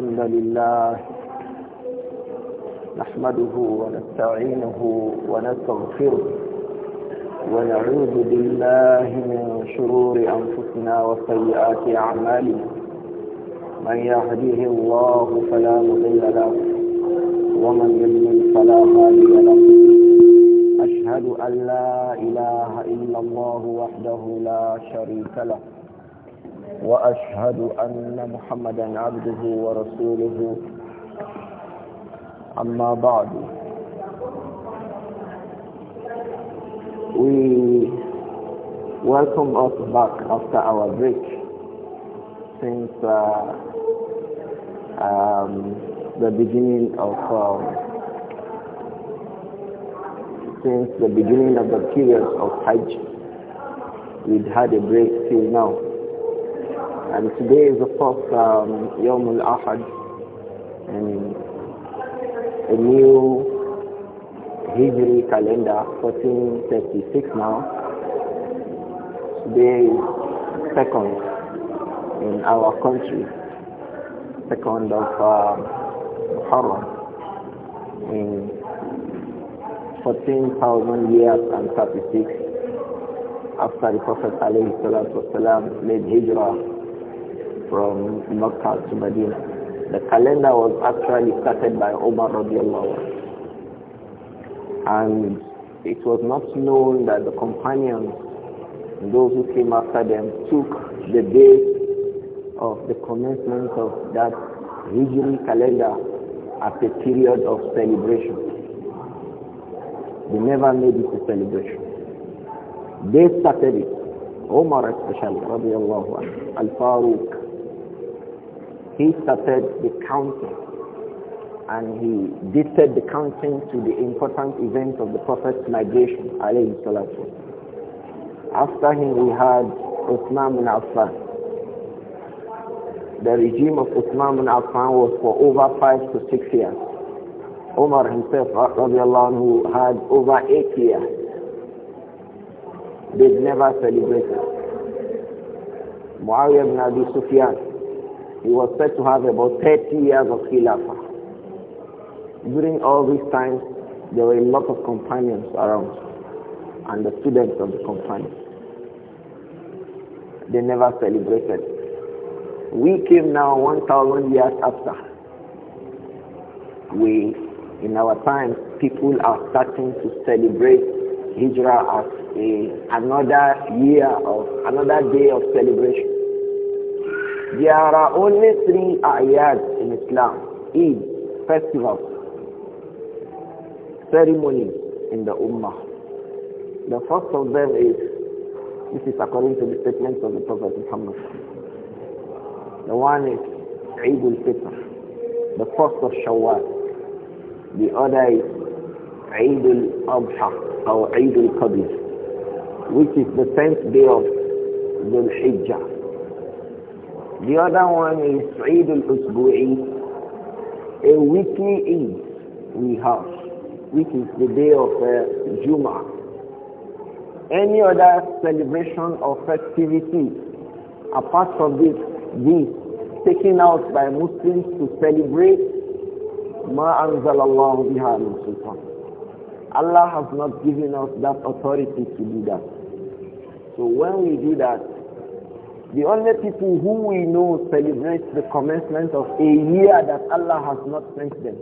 الحمد لله نحمده ونستعينه ونستغفره ونعوذ بالله من شرور أنفسنا وسيئات أعمالنا من يهديه الله فلا مضل له ومن يضلل فلا هادي له أشهد أن لا إله إلا الله وحده لا شريك له وأشهد أن محمدا عبده ورسوله أما بعد We welcome us back after our break since uh, um, the beginning of uh, since the beginning of the period of Hajj. We'd had a break till now. And today is of course um, Yom Al-Ahad and a new Hijri calendar, 1436 now. Today is second in our country, second of uh, Muharram in 14,000 years and 36 after the Prophet ﷺ made hijrah from Mecca to Medina. The calendar was actually started by Omar radiallahu And it was not known that the companions, those who came after them, took the date of the commencement of that Hijri calendar as a period of celebration. They never made it a celebration. They started it. Omar especially, radiallahu anhu, Al-Faruq, he started the counting and he dated the counting to the important event of the Prophet's migration, After him we had Uthman bin Affan. The regime of Uthman bin Affan was for over five to six years. Omar himself, who had over eight years. they never celebrated. Muawiyah bin Abi Sufyan, he was said to have about 30 years of Khilafah. During all these times, there were a lot of companions around and the students of the companions. They never celebrated. We came now 1,000 years after. We, in our time, people are starting to celebrate Hijrah as a, another year of, another day of celebration. There are only three ayat in Islam. Eid, festivals, ceremonies in the Ummah. The first of them is, this is according to the statements of the Prophet Muhammad. The one is Eid al-Fitr, the first of Shawwal. The other is Eid al-Adha or Eid al-Qadr, which is the tenth day of the Hijjah. The other one is Eid al-Usbu'i, a weekly Eid we have, which is the day of uh, Juma. Any other celebration or festivity apart from this, this taken out by Muslims to celebrate Ma anzalallahu biha sultan. Allah has not given us that authority to do that. So when we do that, the only people who we know celebrate the commencement of a year that Allah has not sent them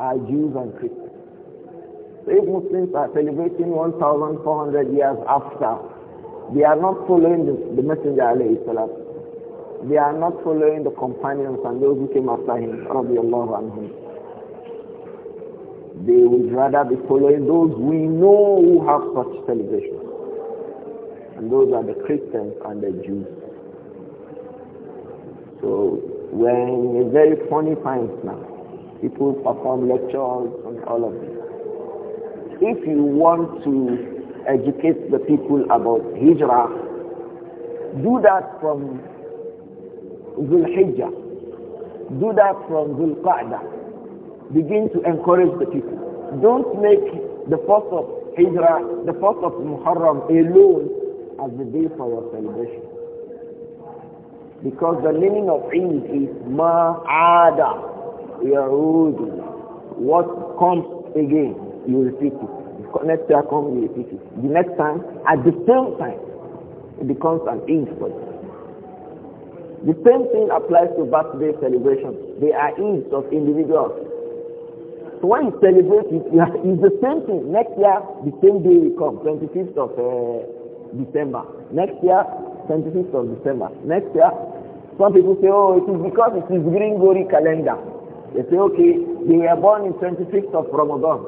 are Jews and Christians. So if Muslims are celebrating 1,400 years after, they are not following the, the Messenger alayhi They are not following the companions and those who came after him, radiallahu anhum. They would rather be following those we know who have such celebrations. And those are the Christians and the Jews. So we're in a very funny times now. People perform lectures and all of this. If you want to educate the people about hijrah, do that from Dhul Hijjah. Do that from Dhul Qa'dah. Begin to encourage the people. Don't make the first of Hijrah, the first of Muharram alone as the day for your celebration. Because the meaning of Eid is ma'ada, ya'udu. What comes again, you repeat it. The next year comes, you repeat it. The next time, at the same time, it becomes an Eid for you. The same thing applies to birthday celebrations. They are Eids of individuals. So when you celebrate it, it's the same thing. Next year, the same day will come, 25th of uh, December. Next year, 25th of December. Next year, some people say, oh, it is because it is Gringori calendar. They say, okay, they were born in 25th of Ramadan.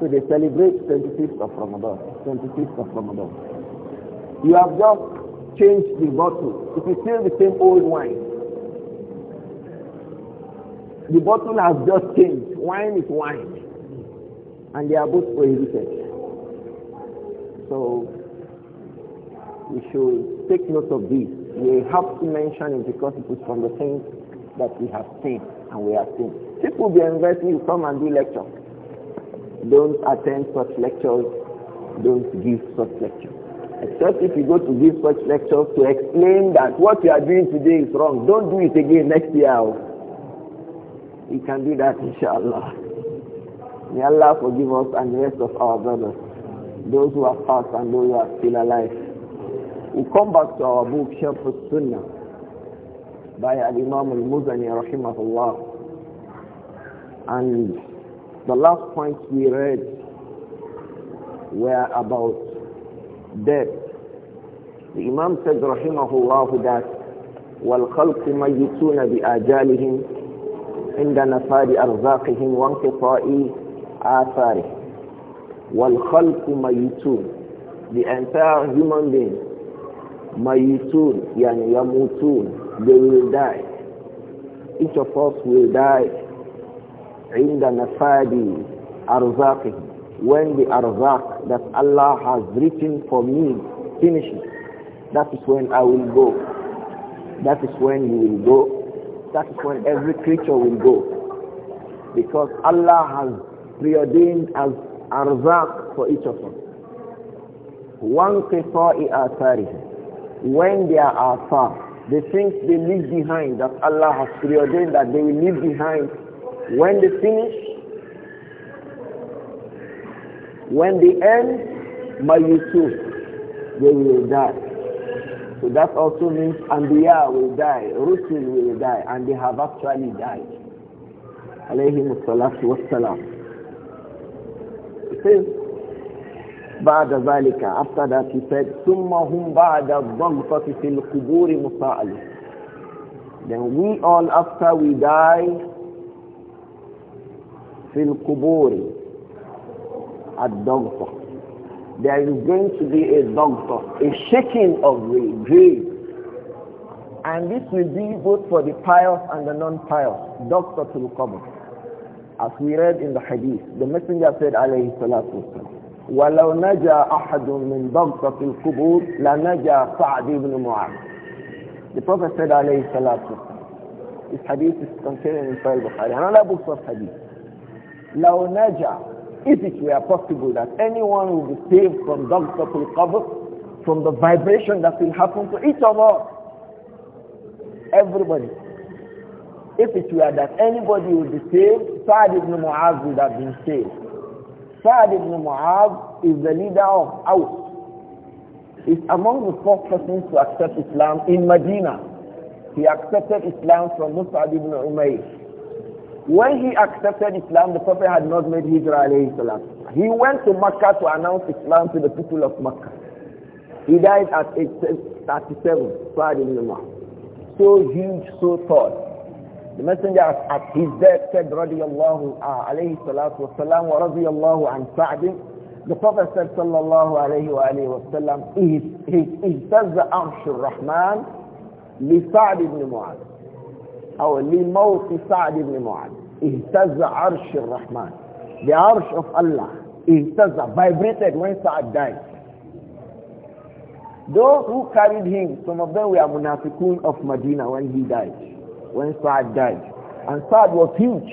So they celebrate 25th of Ramadan. 25th of Ramadan. You have just changed the bottle. It is still the same old wine. The bottle has just changed. Wine is wine. And they are both prohibited. So we should take note of this. We have to mention it because it is from the things that we have seen and we have seen. People will be inviting you come and do lecture. Don't attend such lectures. Don't give such lectures. Except if you go to give such lectures to explain that what you are doing today is wrong. Don't do it again next year. Oh. You can do that, inshallah. May Allah forgive us and the rest of our brothers, those who have passed and those who are still alive. We come back to our book, Sharh al-Sunnah by Al-Imam al-Muzani, rahimahullah. And the last points we read were about death. The Imam said, rahimahullah, that والخلق ميتون بآجالهم عند نفاد أرزاقهم وانقطاع آثارهم والخلق ميتون the entire human being Mayutun, yani Yamutun, they will die. Each of us will die. عند نفادي arzak. when the arzak that Allah has written for me finishes that is when I will go that is when you will go that is when every creature will go because Allah has preordained as arzak for each of us one qita'i when they are far, the things they leave behind that Allah has preordained that they will leave behind, when they finish, when they end, my youth, they will die. So that also means Anbiya will die, Rusul will die, and they have actually died. Alayhi salatu wassalam. It says, after that he said then we all after we die في القبور الضغطة there is going to be a ضغطة a shaking of the grave and this will be both for the pious and the non-pious ضغطة القبر as we read in the hadith the messenger said alayhi salatu wasalam ولو نجا أحد من ضغطة القبور لنجا سعد بن معاذ The Prophet said عليه الصلاة والسلام hadith is contained in Sahih Bukhari Another book of hadith لو نجا If it were possible that anyone would be saved from ضغطة القبر from the vibration that will happen to each of us everybody if it were that anybody would be saved Sa'd ibn Mu'az would have been saved Sa'd ibn Mu'adh is the leader of Aus. Is among the first persons to accept Islam in Medina. He accepted Islam from Mus'ab ibn Umayr. When he accepted Islam, the Prophet had not made Hijrah alayhi salam. He went to Mecca to announce Islam to the people of Mecca. He died at age 37, Sa'd ibn Mu'adh. So huge, so tall. The messenger at his death said, radiyallahu alayhi salatu wasalam wa radiyallahu an Sa'd. The Prophet said, sallallahu alayhi wa alayhi wa sallam, اهتز عرش الرحمن لسعد بن معاذ. أو لموت سعد بن معاذ. اهتز عرش الرحمن. The arsh of Allah He اهتز, vibrated when Sa'ad died. Those who carried him, some of them were munafikun of Medina when he died. when Saad died. And Saad was huge.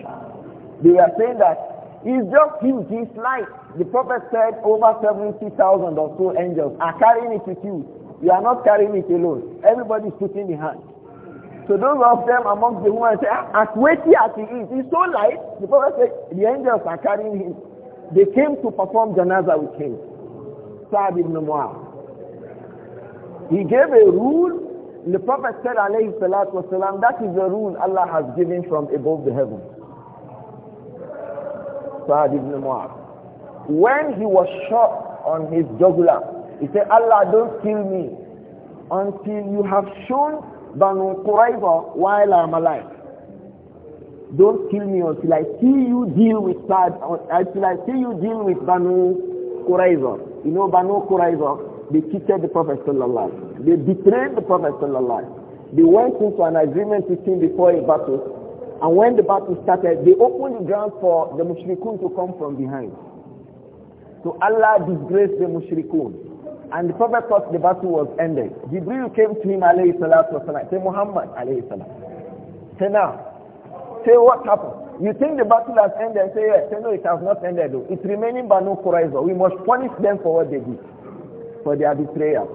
They are saying that he's just huge, he's light. The prophet said over 70,000 or so angels are carrying it with you. You are not carrying it alone. Everybody is putting the hand. So those of them amongst the women say, ah, as weighty as he is, he's so light. The prophet said, the angels are carrying him. They came to perform janaza with him. Sa'd ibn Mu'awiyah. He gave a rule the Prophet said, alayhi that is the rule Allah has given from above the heavens. Sa'ad ibn Mu'ad. When he was shot on his jugular, he said, Allah, don't kill me until you have shown Banu Qurayza while I'm alive. Don't kill me until I see you deal with Sa'ad, until I see you deal with Banu Qurayza. You know Banu Qurayza." They cheated the Prophet sallallahu They betrayed the Prophet sallallahu They went into an agreement with him before a battle. And when the battle started, they opened the ground for the mushrikun to come from behind. So Allah disgraced the mushrikun. And the Prophet thought the battle was ended. Jibril came to him, alayhi salatu wasalam, say, Muhammad, alayhi salam. Say now, say what happened? You think the battle has ended? Say yes. Say no, it has not ended. Though. It's remaining Banu Quraizah. We must punish them for what they did for their betrayal.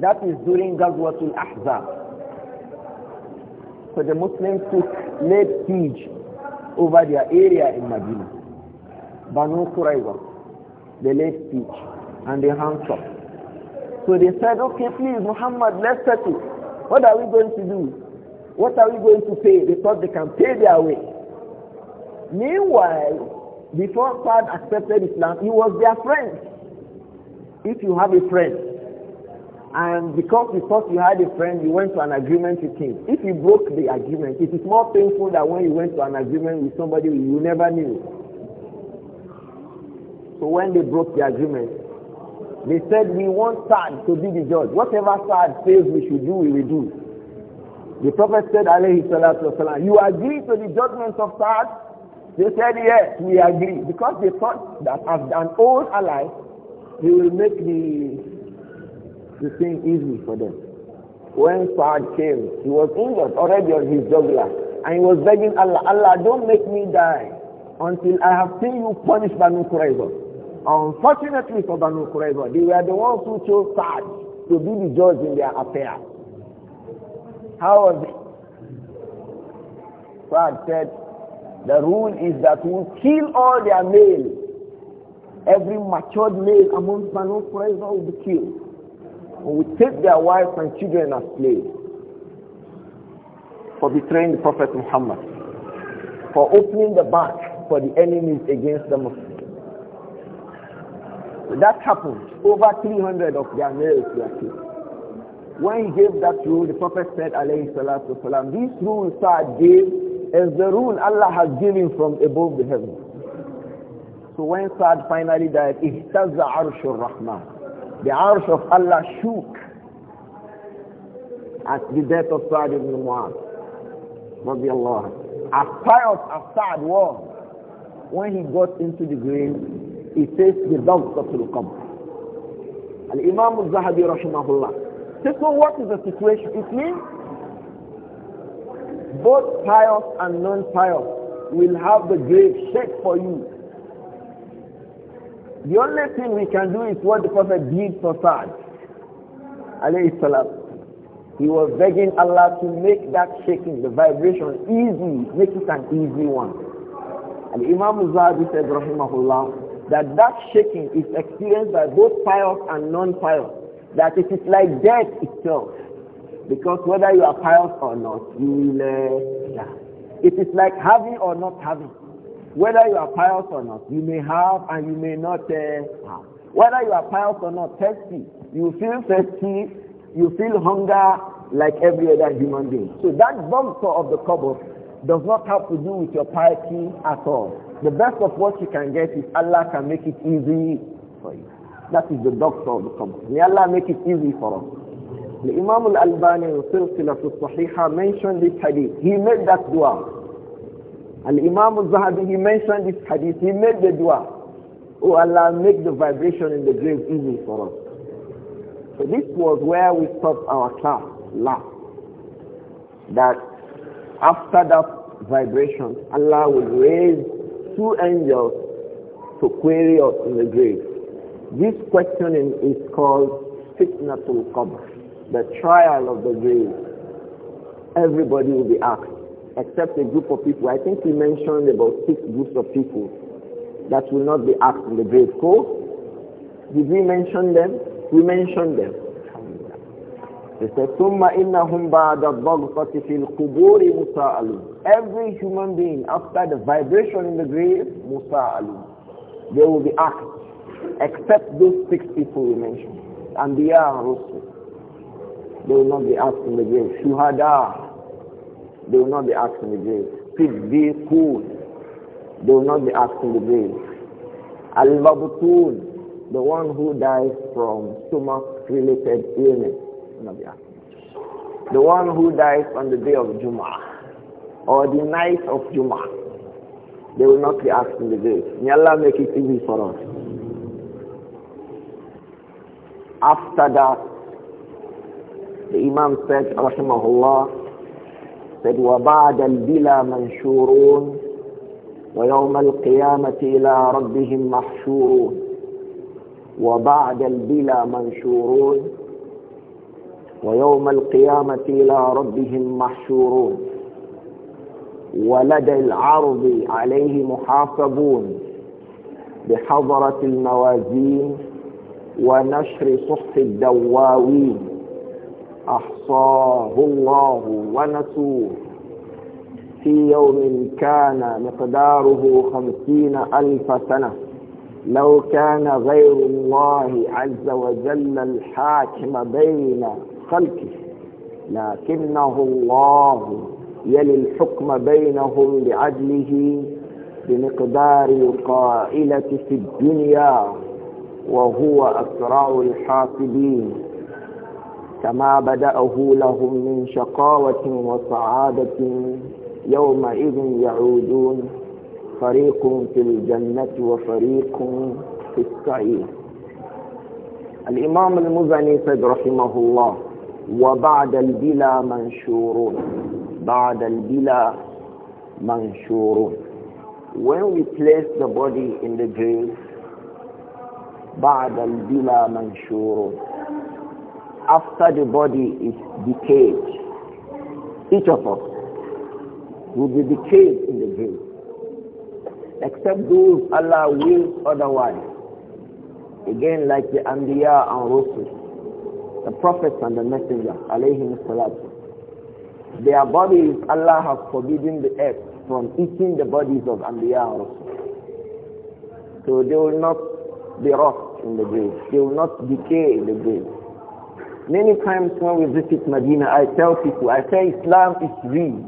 That is during Ghazwatul Ahzab. So the Muslims took laid siege over their area in Medina. Banu Qurayza, they laid siege and they hung up. So they said, okay, please, Muhammad, let's settle. What are we going to do? What are we going to pay? They thought they can pay their way. Meanwhile, before God accepted Islam, he was their friend. If you have a friend, and because you thought you had a friend, you went to an agreement with him. If you broke the agreement, it is more painful than when you went to an agreement with somebody you never knew. So when they broke the agreement, they said, we want sad to be the judge. Whatever sad says we should do, we will do. The Prophet said, wasalam, you agree to the judgment of sad They said, yes, we agree. Because they thought that as an old ally, he will make the, the thing easy for them. When Saad came, he was injured already on his jugular. And he was begging Allah, Allah, don't make me die until I have seen you punish Banu Qurayza. Unfortunately for Banu Qurayza, they were the ones who chose Saad to be the judge in their affair. How was it? Saad said, the rule is that we kill all their males every matured male amongst Banu Qurayza will be killed. And will take their wives and children as slaves for betraying the Prophet Muhammad, for opening the back for the enemies against the Muslims. So that happened. Over 300 of their males were killed. When he gave that rule, the Prophet said, alayhi salatu wasalam, these rules are gave as the rule Allah has given from above the heavens. So when Saad finally died, arsh of Rahman, The arsh of Allah shook at the death of Saad ibn Mu'adh. رضي الله As pious as Saad was, when he got into the grave, he faced the dogs of the qabr. Al-Imam al-Zahabi rahimahullah. Says, so what is the situation? It means both pious and non-pious will have the grave set for you. The only thing we can do is what the Prophet did for Saad. He was begging Allah to make that shaking, the vibration easy, make it an easy one. And Imam Zadi said, Rahimahullah, that that shaking is experienced by both pious and non-pious. That it is like death itself. Because whether you are pious or not, you will uh, die. It is like having or not having. Whether you are pious or not, you may have and you may not uh, have. Whether you are pious or not, thirsty. You feel thirsty, you feel hunger like every other human being. So that bump of the cupboard does not have to do with your piety at all. The best of what you can get is Allah can make it easy for you. That is the doctor of the cupboard. May Allah make it easy for us. The Imam al-Albani in Silsilah al mentioned this hadith. He made that dua. Al-Imam al-Zahabi, he mentioned this hadith. He made the dua. Oh Allah, make the vibration in the grave easy for us. So this was where we stopped our class last. That after that vibration, Allah will raise two angels to query us in the grave. This questioning is called fitnatul qabr, the trial of the grave. Everybody will be asked except a group of people. I think he mentioned about six groups of people that will not be asked in the grave. Cool? Did we mention them? We mentioned them. He said, ثُمَّ إِنَّهُمْ بَعْدَ فِي الْقُبُورِ مُسَاءَلُونَ Every human being, after the vibration in the grave, مُسَاءَلُونَ They will be asked, except those six people we mentioned. and the Rusul. They will not be asked in the grave. Shuhada, they will not be asked in the grave. Please be cool. They will not be asked in the grave. al Babutun, the one who dies from stomach-related illness, will not be asked. The one who dies on the day of Jum'ah or the night of Jum'ah, they will not be asked in the grave. May Allah make it easy for us. After that, the Imam said, Rahimahullah, المقصد وبعد البلا منشورون ويوم القيامة إلى ربهم محشورون وبعد البلا منشورون ويوم القيامة إلى ربهم محشورون ولدى العرض عليه محافظون بحضرة الموازين ونشر صحف الدواوين أحصاه الله ونسوه في يوم كان مقداره خمسين ألف سنة لو كان غير الله عز وجل الحاكم بين خلقه لكنه الله يلي الحكم بينهم بعدله بمقدار القائلة في الدنيا وهو أسرع الحاسبين كما بدأه لهم من شقاوة وسعادة يومئذ يعودون فريق في الجنة وفريق في السعير الإمام المزني سيد رحمه الله وبعد البلا منشورون بعد البلا منشورون when we place the body in the grave بعد البلا منشورون after the body is decayed. Each of us will be decayed in the grave. Except those Allah wills otherwise. Again, like the Anbiya and Rasul, the prophets and the messenger, alayhim salatu. Their bodies, Allah has forbidden the earth from eating the bodies of Anbiya and Rasul. So they will not be rot in the grave. They will not decay in the grave. Many times when we visit Medina, I tell people, I say Islam is real.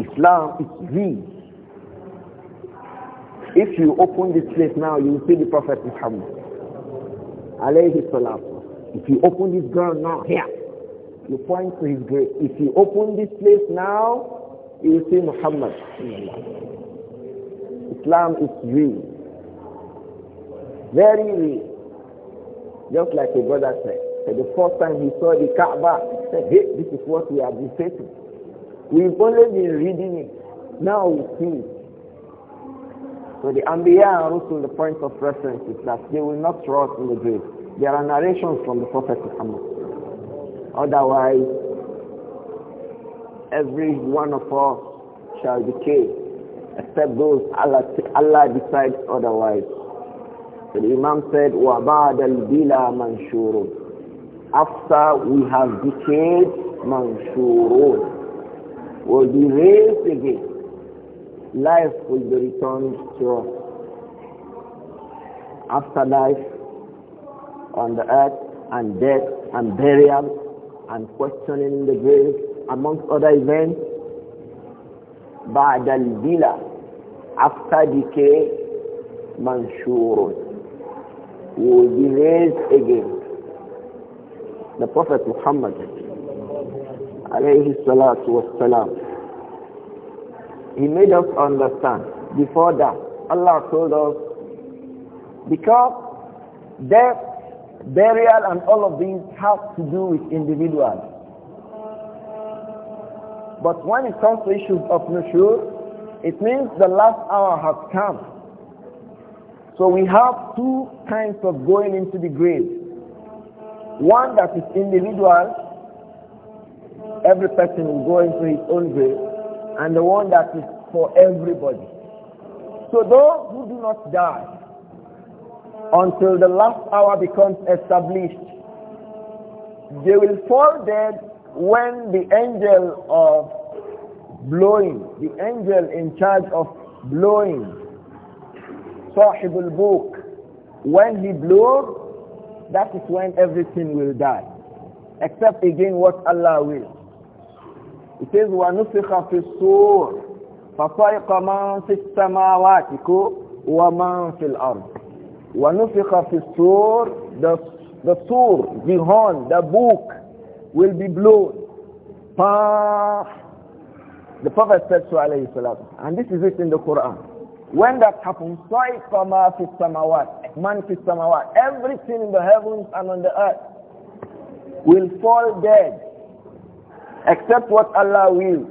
Islam is real. If you open this place now, you will see the Prophet Muhammad. Alayhi salam. If you open this ground now, here, you point to his grave. If you open this place now, you will see Muhammad. Islam is real. Very real. Just like a brother said, that the first time he saw the Kaaba, he said, hey, this is what we have been facing. We've only been reading it. Now we see it. So the Anbiya and Rusul, the point of reference is that they will not rot in the grave. There are narrations from the Prophet Muhammad. Otherwise, every one of us shall decay, except those Allah, Allah decides otherwise. So the Imam said, وَبَعْدَ الْبِلَى مَنْشُورٌ After we have decayed, مَنْشُورٌ will be raised again. Life will be returned to us. After life on the earth and death and burial and questioning the grave amongst other events, بَعْدَ الْبِلَى After decay, manshurun will be raised again. The Prophet Muhammad alayhi salatu was he made us understand before that Allah told us because death, burial and all of these have to do with individuals. But when it comes to issues of nushur, it means the last hour has come so we have two kinds of going into the grave. One that is individual, every person will go into his own grave, and the one that is for everybody. So those who do not die until the last hour becomes established, they will fall dead when the angel of blowing, the angel in charge of blowing صاحب al When he blows, that is when everything will die. Except again what Allah will. It says, وَنُفِخَ فِي الصُّورِ فَصَيْقَ مَنْ فِي السَّمَاوَاتِ وَمَنْ فِي الْأَرْضِ وَنُفِخَ فِي الصُّورِ The, the sur, the horn, the book will be blown. Pah! The Prophet said to alayhi And this is it in the Quran. When that happens, Sa'iqama fi samawat, man fi samawat, everything in the heavens and on the earth will fall dead, except what Allah will.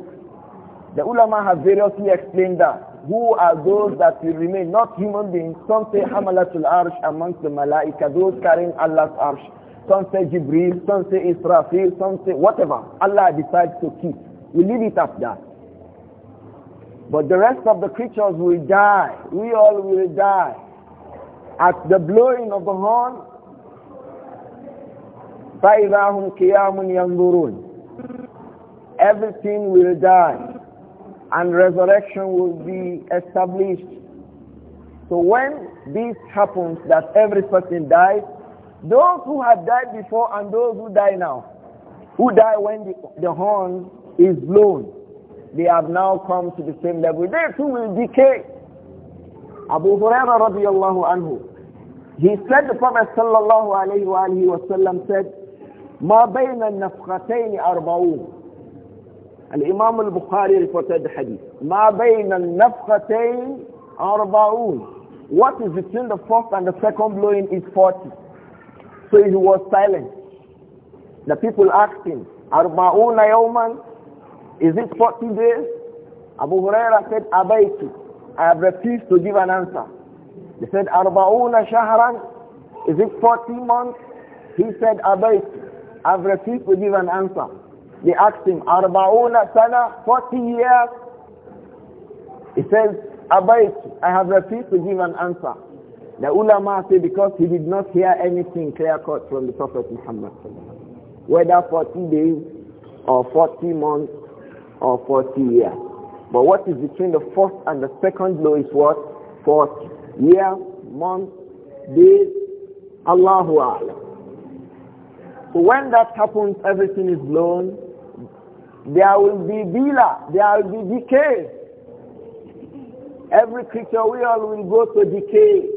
The ulama have variously explained that. Who are those that will remain? Not human beings. Some say Hamalatul Arsh amongst the Malaika, those carrying Allah's Arsh. Some say Jibril, some say Israfil, some say whatever Allah decides to keep. We leave it at that. But the rest of the creatures will die. We all will die. At the blowing of the horn, Everything will die and resurrection will be established. So when this happens that every person dies, those who have died before and those who die now, who die when the, the horn is blown, they have now come to the same level. They too will decay. Abu Huraira radiallahu anhu, he said, the Prophet sallallahu alayhi wa alayhi wa sallam said, ما بين النفختين أربعون الإمام البخاري reported the hadith ما بين النفختين أربعون what is between the first and the second blowing is 40 so he was silent the people asked him أربعون يوما is it 40 days? Abu Huraira said, Abaitu. I have refused to give an answer. They said, Arbauna Shahran. Is it 40 months? He said, Abaitu. I have refused to give an answer. They asked him, Arbauna Sana, 40 years? He says, Abaitu. I have refused to give an answer. The ulama say because he did not hear anything clear cut from the Prophet Muhammad. Whether 40 days or 40 months or 40 years. But what is between the first and the second blow is what? 40 year, month, days, Allahu A'lam. So when that happens, everything is blown. There will be bila, there will be decay. Every creature we all will go to decay.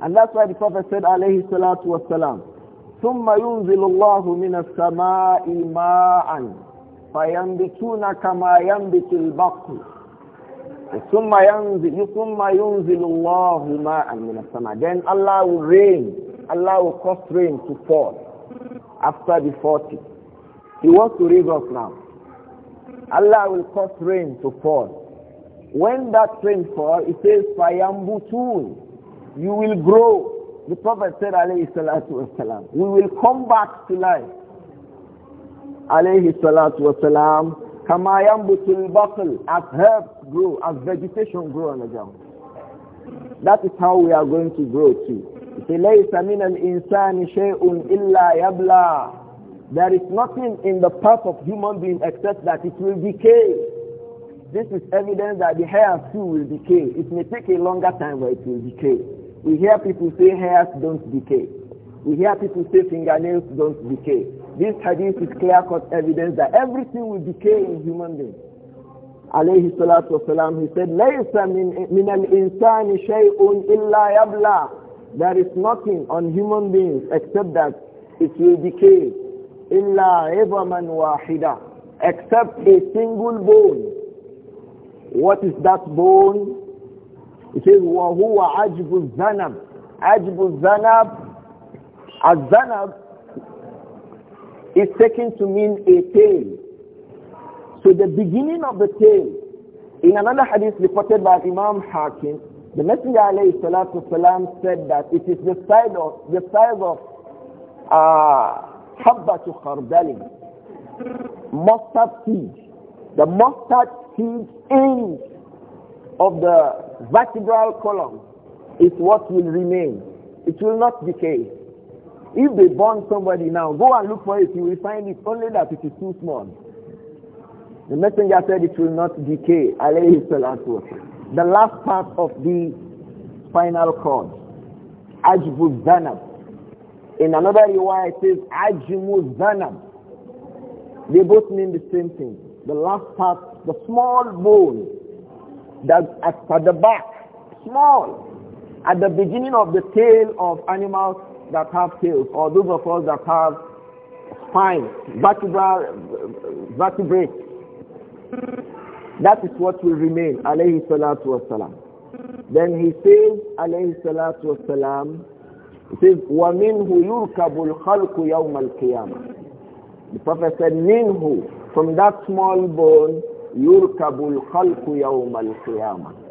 And that's why the Prophet said, alayhi salatu wasalam, ثُمَّ يُنزِلُ اللَّهُ مِنَ السَّمَاءِ مَاءً فينبتون كما ينبت البقر ثم ينزل ثم ينزل الله ماء من السماء then Allah will rain Allah will cause rain to fall after the 40 he wants to raise us now Allah will cause rain to fall when that rain falls it says fayambutun you will grow the prophet said alayhi salatu wasalam we will come back to life alayhi salatu wasalam, kama yambutul baql, as herbs grow, as vegetation grow on the ground. That is how we are going to grow too. He There is nothing in the path of human being except that it will decay. This is evidence that the hair too will decay. It may take a longer time, but it will decay. We hear people say hairs don't decay. We hear people say fingernails don't decay. This hadith is clear-cut evidence that everything will decay in human beings. Alayhi salatu wasalam, he said, لَيْسَ مِنَ الْإِنسَانِ شَيْءٌ إِلَّا يَبْلَى There is nothing on human beings except that it will decay. إِلَّا عِظَمًا وَاحِدًا Except a single bone. What is that bone? It says, وَهُوَ عَجْبُ الزَّنَبُ عَجْبُ الزَّنَبُ الزَّنَبُ is taken to mean a tail. So the beginning of the tail, in another hadith reported by Imam Hakim, the Messenger alayhi salatu salam said that it is the size of the size of uh, habbatu uh, mustard seed, the mustard seed end of the vertebral column is what will remain. It will not decay. If they burn somebody now, go and look for it. You will find it only that it is too small. The messenger said it will not decay. salatu The last part of the final cord, Ajbu zanab. In another way, it says Ajmu zanab. They both mean the same thing. The last part, the small bone that at the back, small, at the beginning of the tail of animals that have tails or those of us that have spine, vertebral, vertebrae. That is what will remain, alayhi salatu wasalam. Then he says, alayhi salatu wasalam, he says, وَمِنْهُ يُرْكَبُ الْخَلْقُ يَوْمَ الْقِيَامَةِ The Prophet said, minhu, from that small bone, يُرْكَبُ الْخَلْقُ يَوْمَ الْقِيَامَةِ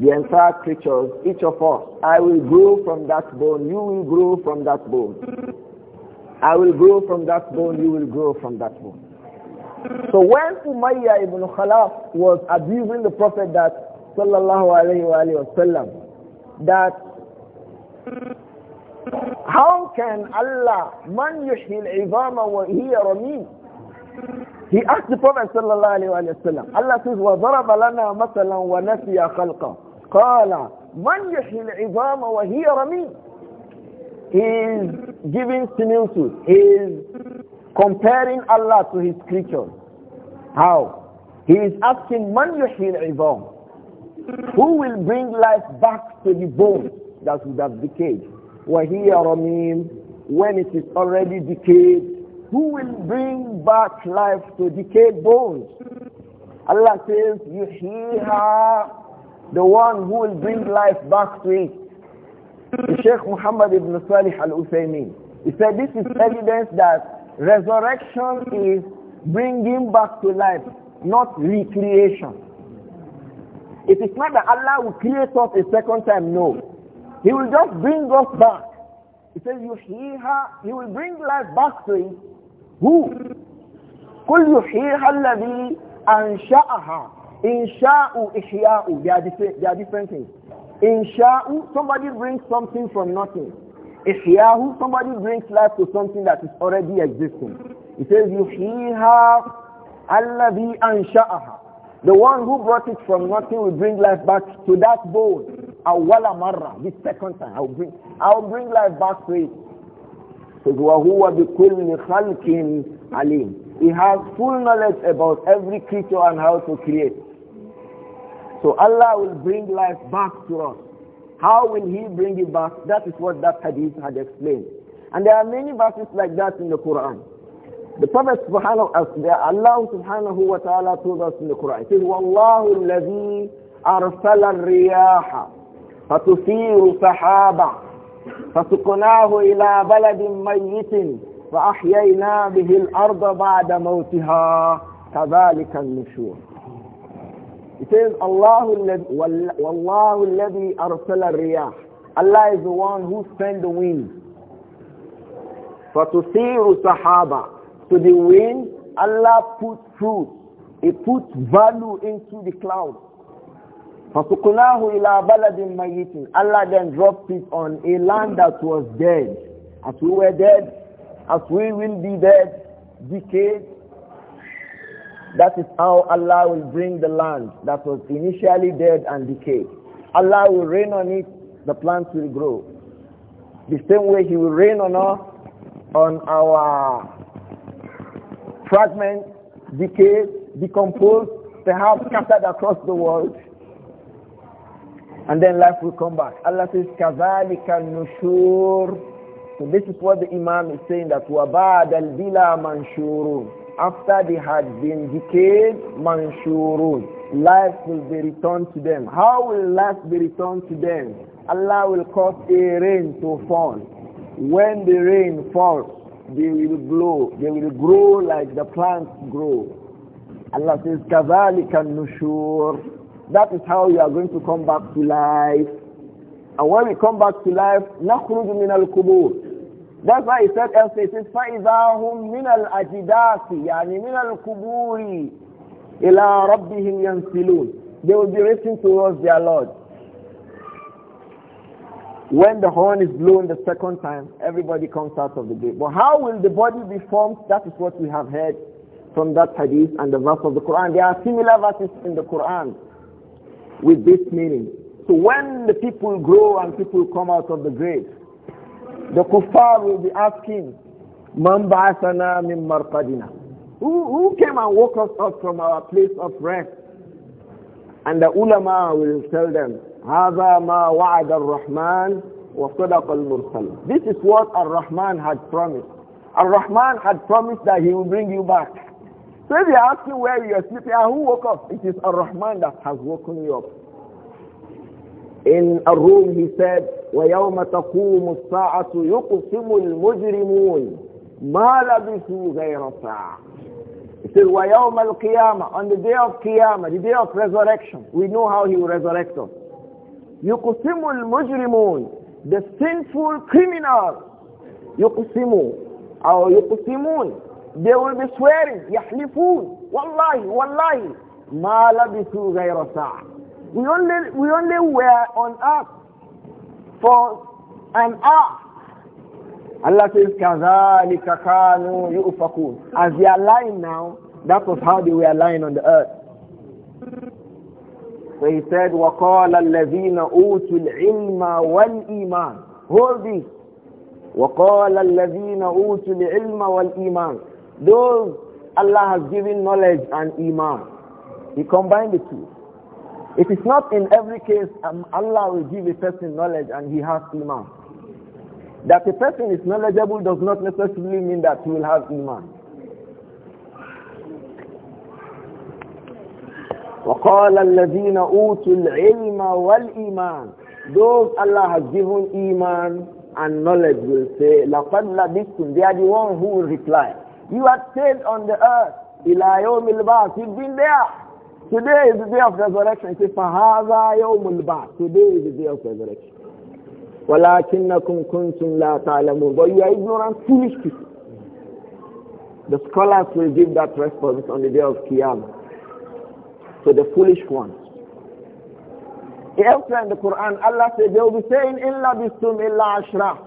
the entire creatures, each of us, I will grow from that bone, you will grow from that bone. I will grow from that bone, you will grow from that bone. So when Umayyah ibn Khalaf was abusing the Prophet that, sallallahu alayhi alayhi wa sallam, that how can Allah, man yushil ibama wa hiya rameen? He asked the Prophet sallallahu alayhi wa sallam, Allah says, وَضَرَبَ لَنَا مَثَلًا وَنَسِيَ خَلْقًا قال من يحيي العظام وهي رميم he is giving similitude he is comparing Allah to his creatures how he is asking man yuhil al who will bring life back to the bones that would have decayed wa hiya ramim when it is already decayed who will bring back life to decayed bones Allah says yuhyiha the one who will bring life back to it. Sheikh Muhammad ibn Salih al-Uthaymeen. He said this is evidence that resurrection is bringing back to life, not recreation. It is not that Allah will create us a second time, no. He will just bring us back. He says, يُحْيِيهَا He will bring life back to it. Who? قُلْ يُحْيِيهَا الَّذِي أَنْشَأَهَا Insha'u, ihya'u, they are, different, they are different things. Insha'u, somebody brings something from nothing. Ihyahu, somebody brings life to something that is already existing. He says, Yuhiha allabi ansha'aha. The one who brought it from nothing will bring life back to that bone. Awala marra, the second time. I'll bring, I'll bring life back to it. Says, وَهُوَ بِكُلِّ خَلْقٍ alim. He has full knowledge about every creature and how to create. So Allah will bring life back to us. How will He bring it back? That is what that hadith had explained. And there are many verses like that in the Quran. The Prophet subhanahu Allah subhanahu wa ta'ala told us in the Quran, he says, وَاللَّهُ الَّذِي أَرْسَلَ الرِّيَاحَ فَتُثِيرُ سَحَابًا فَسُقْنَاهُ إِلَى بَلَدٍ مَيِّتٍ فَأَحْيَيْنَا بِهِ الْأَرْضَ بَعْدَ مَوْتِهَا كَذَلِكَ النُّشُورُ it says, Allahu Wallahu الذي أرسل riyah Allah is the one who sent the wind. فَتُثِيرُ sahaba. To the wind, Allah put fruit. He put value into the cloud. فَسُقْنَاهُ إِلَى بَلَدٍ مَيِّتٍ Allah then dropped it on a land that was dead. As we were dead, as we will be dead, decayed, that is how Allah will bring the land that was initially dead and decayed. Allah will rain on it, the plants will grow. The same way He will rain on us, on our fragments, decayed, decomposed, perhaps scattered across the world. And then life will come back. Allah says, كَذَلِكَ النُّشُورُ So this is what the Imam is saying, that وَبَعْدَ الْبِلَى مَنْشُورٌ after they had been decayed, manshurun. Life will be returned to them. How will life be returned to them? Allah will cause a rain to fall. When the rain falls, they will grow. They will grow like the plants grow. Allah says, كَذَلِكَ النُّشُورِ That is how you are going to come back to life. And when we come back to life, نَخْرُجُ مِنَ الْقُبُورِ that's why he said else, he says, فَإِذَا مِنَ الْأَجِدَاثِ يعني مِنَ الْقُبُورِ إِلَىٰ رَبِّهِمْ يَنْسِلُونَ They will be racing towards their Lord. When the horn is blown the second time, everybody comes out of the gate. But how will the body be formed? That is what we have heard from that hadith and the verse of the Quran. There are similar verses in the Quran with this meaning. So when the people grow and people come out of the grave, the kuffar will be asking, Man ba'athana min marqadina. Who, who came and woke us up from our place of rest? And the ulama will tell them, هذا ما وعد الرحمن وصدق المرسل. This is what Ar-Rahman had promised. Ar-Rahman had promised that he will bring you back. So if you're asking where you are sleeping and ah, who woke up, it is Ar-Rahman that has woken you up. In a room he said, ويوم تقوم الساعة يقسم المجرمون ما لبثوا غير ساعة It says, وَيَوْمَ الْقِيَامَةِ On the day of Qiyamah, the day of resurrection, we know how he will resurrect us. يُقْسِمُ الْمُجْرِمُونَ The sinful criminals. يُقْسِمُ أو يُقْسِمُونَ They will be swearing, يَحْلِفُونَ وَاللَّهِ وَاللَّهِ مَا لَبِثُوا غَيْرَ سَاعَةٍ We only, we only were on earth for an hour. Allah says, كَذَلِكَ كَانُوا يُؤْفَكُونَ As they are lying now, that was how they were lying on the earth. So he said, وَقَالَ الَّذِينَ أُوتُوا الْعِلْمَ وَالْإِيمَانِ Hold this. وَقَالَ الَّذِينَ أُوتُوا الْعِلْمَ وَالْإِيمَانِ Those Allah has given knowledge and iman. He combined the two. It is not in every case um, Allah will give a person knowledge and he has iman. That a person is knowledgeable does not necessarily mean that he will have iman. وقال الذين أوتوا العلم والإيمان those Allah has given iman and knowledge will say لقد لبثتم they are the one who will reply you are stayed on the earth إلى يوم البعث you've been there Today is the day of resurrection. He says, فَهَذَا يَوْمُ Today is the day of resurrection. وَلَكِنَّكُمْ كُنْتُمْ لَا تَعْلَمُونَ But you are ignorant, foolish people. The scholars will give that response on the day of Qiyamah. To so the foolish ones. Elsewhere in the Quran, Allah said, they will be saying, إِلَّا بِسْتُمْ illa ashra."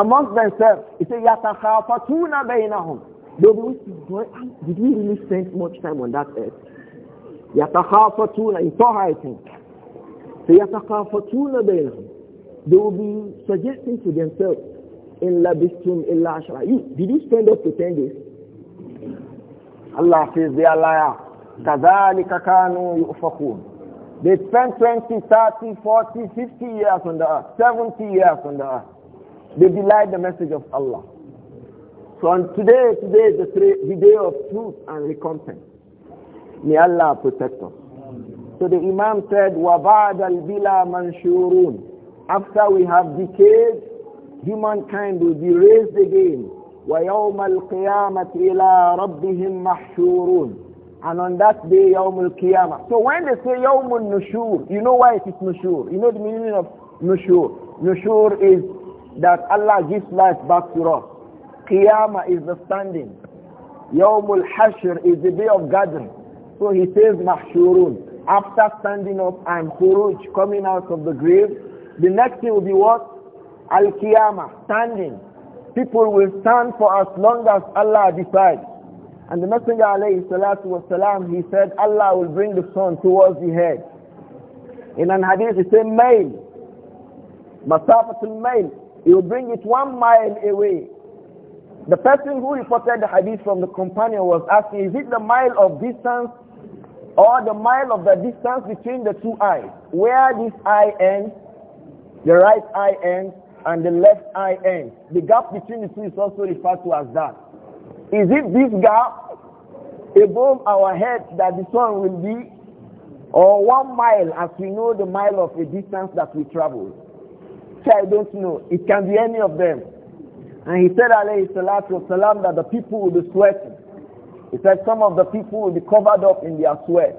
amongst themselves. He said, يَتَخَافَتُونَ بَيْنَهُم They'll be waiting, did we really spend much time on that earth? يتخافتون in Taha I think. So يتخافتون بينهم. They will be suggesting to themselves, إن لبثتم إلا عشرة. You, did you spend up to 10 days? Allah says they are liar. كذلك كانوا يؤفكون. They spent 20, 30, 40, 50 years on the earth, 70 years on the earth. They belied the message of Allah. So on today, today is the, the day of truth and recompense. May Allah protect us. So the Imam said, wa al bilā manshūrūn. After we have decayed, humankind will be raised again. Wa al الْقِيَامَةِ إِلَىٰ Rabbihim maḥshūrūn. And on that day, al kīyām. So when they say al nushur you know why it is nushur. You know the meaning of nushur. Nushur is that Allah gives life back to us. Qiyamah is the standing. al Hashr is the day of gathering. So he says mahshurun. After standing up and khuruj, coming out of the grave, the next thing will be what? Al-Qiyamah, standing. People will stand for as long as Allah decides. And the Messenger alayhi salatu was salam, he said, Allah will bring the sun towards the head. In an hadith he said, mail, masafatul mail, he will bring it one mile away. The person who reported the hadith from the companion was asking, is it the mile of distance or the mile of the distance between the two eyes, where this eye ends, the right eye ends, and the left eye ends. The gap between the two is also referred to as that. Is it this gap above our head that the sun will be, or one mile as we know the mile of a distance that we travel? So I don't know. It can be any of them. And he said, alayhi salatu wasalam, that the people will be sweating. He said some of the people will be covered up in their sweat.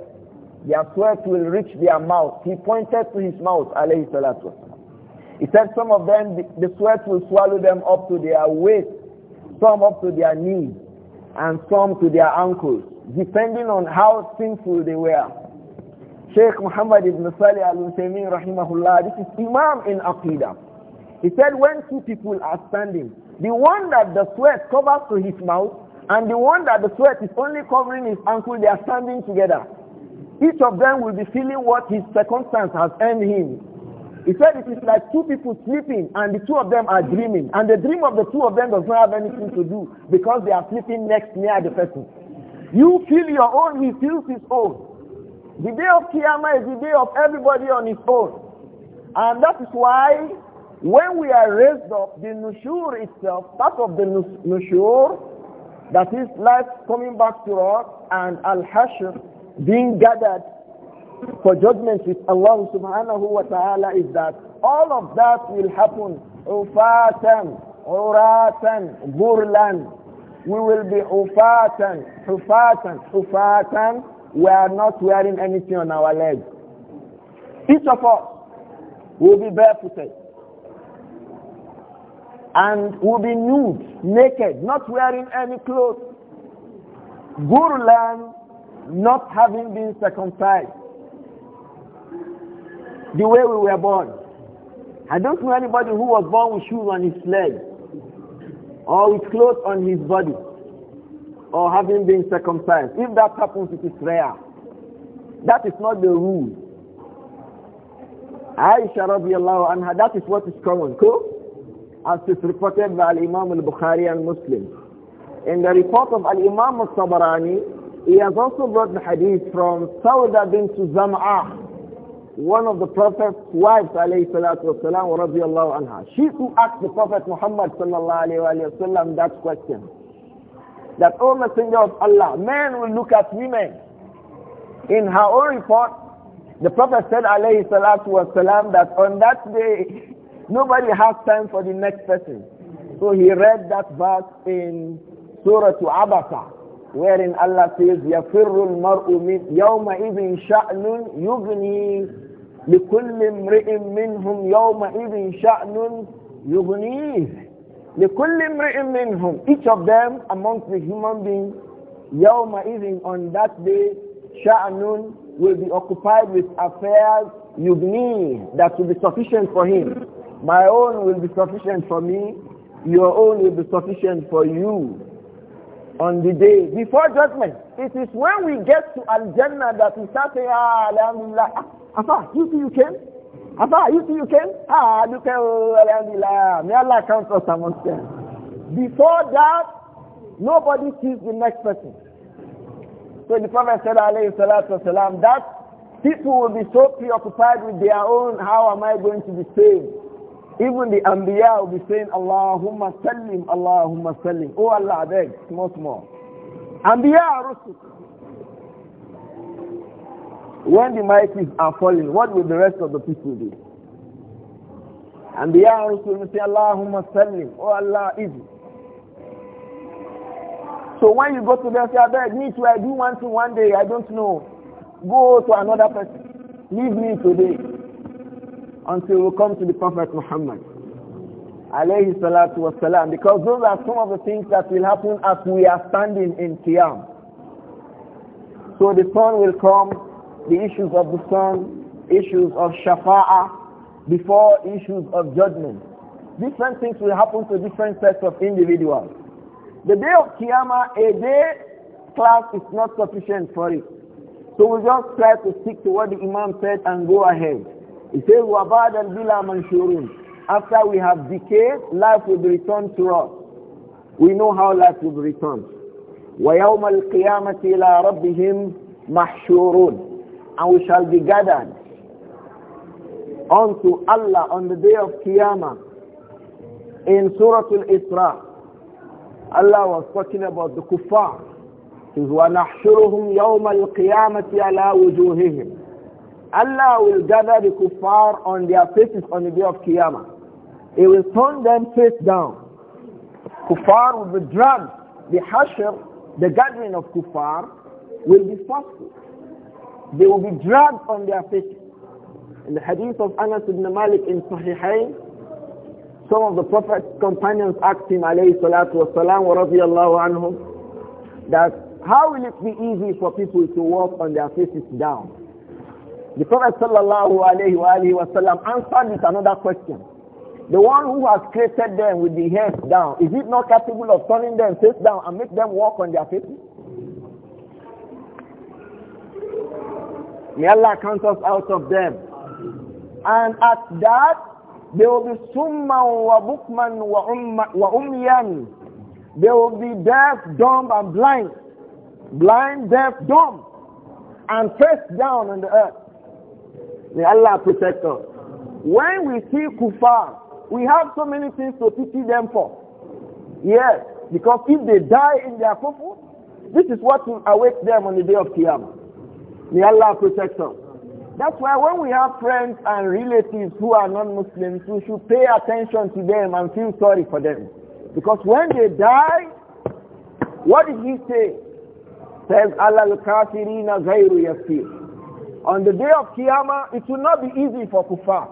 Their sweat will reach their mouth. He pointed to his mouth, alayhi salatu He said some of them, the sweat will swallow them up to their waist, some up to their knees, and some to their ankles, depending on how sinful they were. Sheikh Muhammad ibn Salih al-Uthaymeen rahimahullah, this is Imam in Aqidah. He said when two people are standing, the one that the sweat covers to his mouth and the one that the sweat is only covering his ankle, they are standing together. Each of them will be feeling what his circumstance has earned him. He said it is like two people sleeping and the two of them are dreaming. And the dream of the two of them does not have anything to do because they are sleeping next near the person. You feel your own, he feels his own. The day of Kiyama is the day of everybody on his own. And that is why when we are raised up, the nushur itself, part of the nushur that is life coming back to us and al-hashr being gathered for judgment with Allah subhanahu wa ta'ala is that all of that will happen ufatan, uratan, burlan. We will be ufatan, ufatan, ufatan. We are not wearing anything on our legs. Each of us will be barefooted and will be nude, naked, not wearing any clothes. Gurulam, not having been circumcised. The way we were born. I don't know anybody who was born with shoes on his legs, or with clothes on his body, or having been circumcised. If that happens, it is rare. That is not the rule. Aisha radiallahu anha, that is what is common. Cool? as is reported by Al-Imam al-Bukhari and Muslim. In the report of Al-Imam al sabarani he has also brought the hadith from Sauda bin Zam'ah, one of the Prophet's wives, alayhi salatu wasalam, radiallahu anha. She who asked the Prophet Muhammad sallallahu alayhi wa sallam that question. That, O Messenger of Allah, men will look at women. In her own report, the Prophet said alayhi salatu wasalam that on that day, Nobody has time for the next person. So he read that verse in Surah to Abasa, wherein Allah says, يَفِرُّ الْمَرْءُ مِنْ يَوْمَئِذٍ شَأْنٌ يُغْنِي لِكُلِّ امْرِئٍ مِّنْهُمْ يَوْمَئِذٍ شَأْنٌ يُغْنِيهِ لِكُلِّ امْرِئٍ مِّنْهُمْ Each of them amongst the human beings, يَوْمَئِذٍ on that day, شَأْنٌ will be occupied with affairs yugni That will be sufficient for him. My own will be sufficient for me. Your own will be sufficient for you. On the day before judgment, it is when we get to Al Jannah that we start saying, Ah, Alhamdulillah. Ah, Afa, you see you came? Afa, you see you came? Ah, look at Alhamdulillah. May Allah count us amongst them. Before that, nobody sees the next person. So the Prophet said, alayhi salatu wasalam, that people will be so preoccupied with their own, how am I going to be saved? Even the Anbiya will be saying, Allahumma sallim, Allahumma sallim. Oh Allah, beg, small, small. Anbiya are When the mighties are falling, what will the rest of the people do? Anbiya the Rusul will say, Allahumma sallim. Oh Allah, easy. So when you go to them, say, I beg, me too, I do one thing one day, I don't know. Go to another person. Leave me today until we come to the Prophet Muhammad. Alayhi salatu wasalam. Because those are some of the things that will happen as we are standing in Qiyam. So the sun will come, the issues of the sun, issues of shafa'a, before issues of judgment. Different things will happen to different sets of individuals. The day of Qiyamah, a day class is not sufficient for it. So we just try to stick to what the Imam said and go ahead. He says, وَبَعْدَ الْبِلَى مَنْشُورُونَ After we have decayed, life will be returned to us. We know how life will be returned. al kiyamati ila rabbihim مَحْشُورُونَ And we shall be gathered unto Allah on the day of Qiyamah in Surah Al-Isra. Allah was talking about the kuffar. He says, وَنَحْشُرُهُمْ يَوْمَ الْقِيَامَةِ عَلَىٰ وُجُوهِهِمْ Allah will gather the kuffar on their faces on the day of Qiyamah. He will turn them face down. Kuffar will be dragged. The hashr, the gathering of kuffar, will be forceful. They will be dragged on their faces. In the hadith of Anas ibn Malik in Sahihain, some of the Prophet's companions asked him, alayhi salatu wasalam, wa radiyallahu anhum, that how will it be easy for people to walk on their faces down? The Prophet sallallahu alayhi wa sallam answered with another question. The one who has created them with the heads down, is it not capable of turning them face down and make them walk on their faces? May Allah count us out of them. And at that, there will be summan wa bukman wa, umma, wa umyan. will be deaf, dumb, and blind. Blind, deaf, dumb. And pressed down on the earth. May Allah protect us. When we see kuffar, we have so many things to pity them for. Yes, because if they die in their kuffar, this is what will await them on the day of Qiyamah. May Allah protect us. That's why when we have friends and relatives who are non-Muslims, we should pay attention to them and feel sorry for them. Because when they die, what did he say? Says Allah al-kafirina ghayru yasir. On the day of Qiyamah, it will not be easy for kuffar.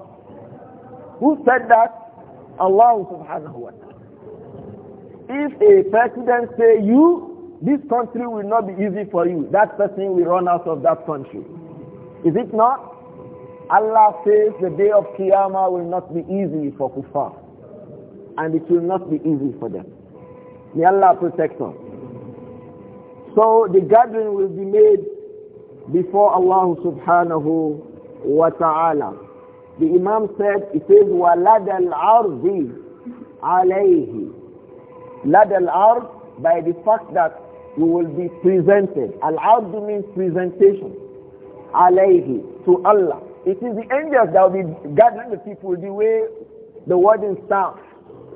Who said that? Allah subhanahu wa ta'ala. If a president say you, this country will not be easy for you, that person will run out of that country. Is it not? Allah says the day of Qiyamah will not be easy for kuffar. And it will not be easy for them. May Allah protect us. So the gathering will be made before Allah subhanahu wa ta'ala. The Imam said, it says, al الْعَرْضِ عَلَيْهِ Al الْعَرْض by the fact that you will be presented. Al-Ardu means presentation. Alayhi, to Allah. It is the angels that will be gathering the people the way the wording staff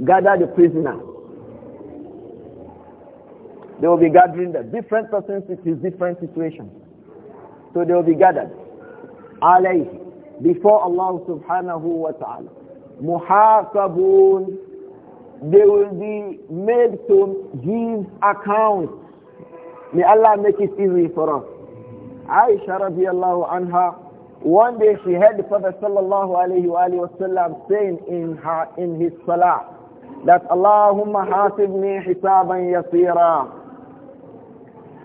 Gather the prisoner. They will be gathering the different persons It is different situations. So they will be gathered. Alayhi. Before Allah subhanahu wa ta'ala. Muhasabun. They will be made to give account. May Allah make it easy for us. Aisha radiallahu anha, one day she heard the Prophet sallallahu alayhi wa sallam saying in, her, in his salah that Allahumma hasibni hisaban yasira.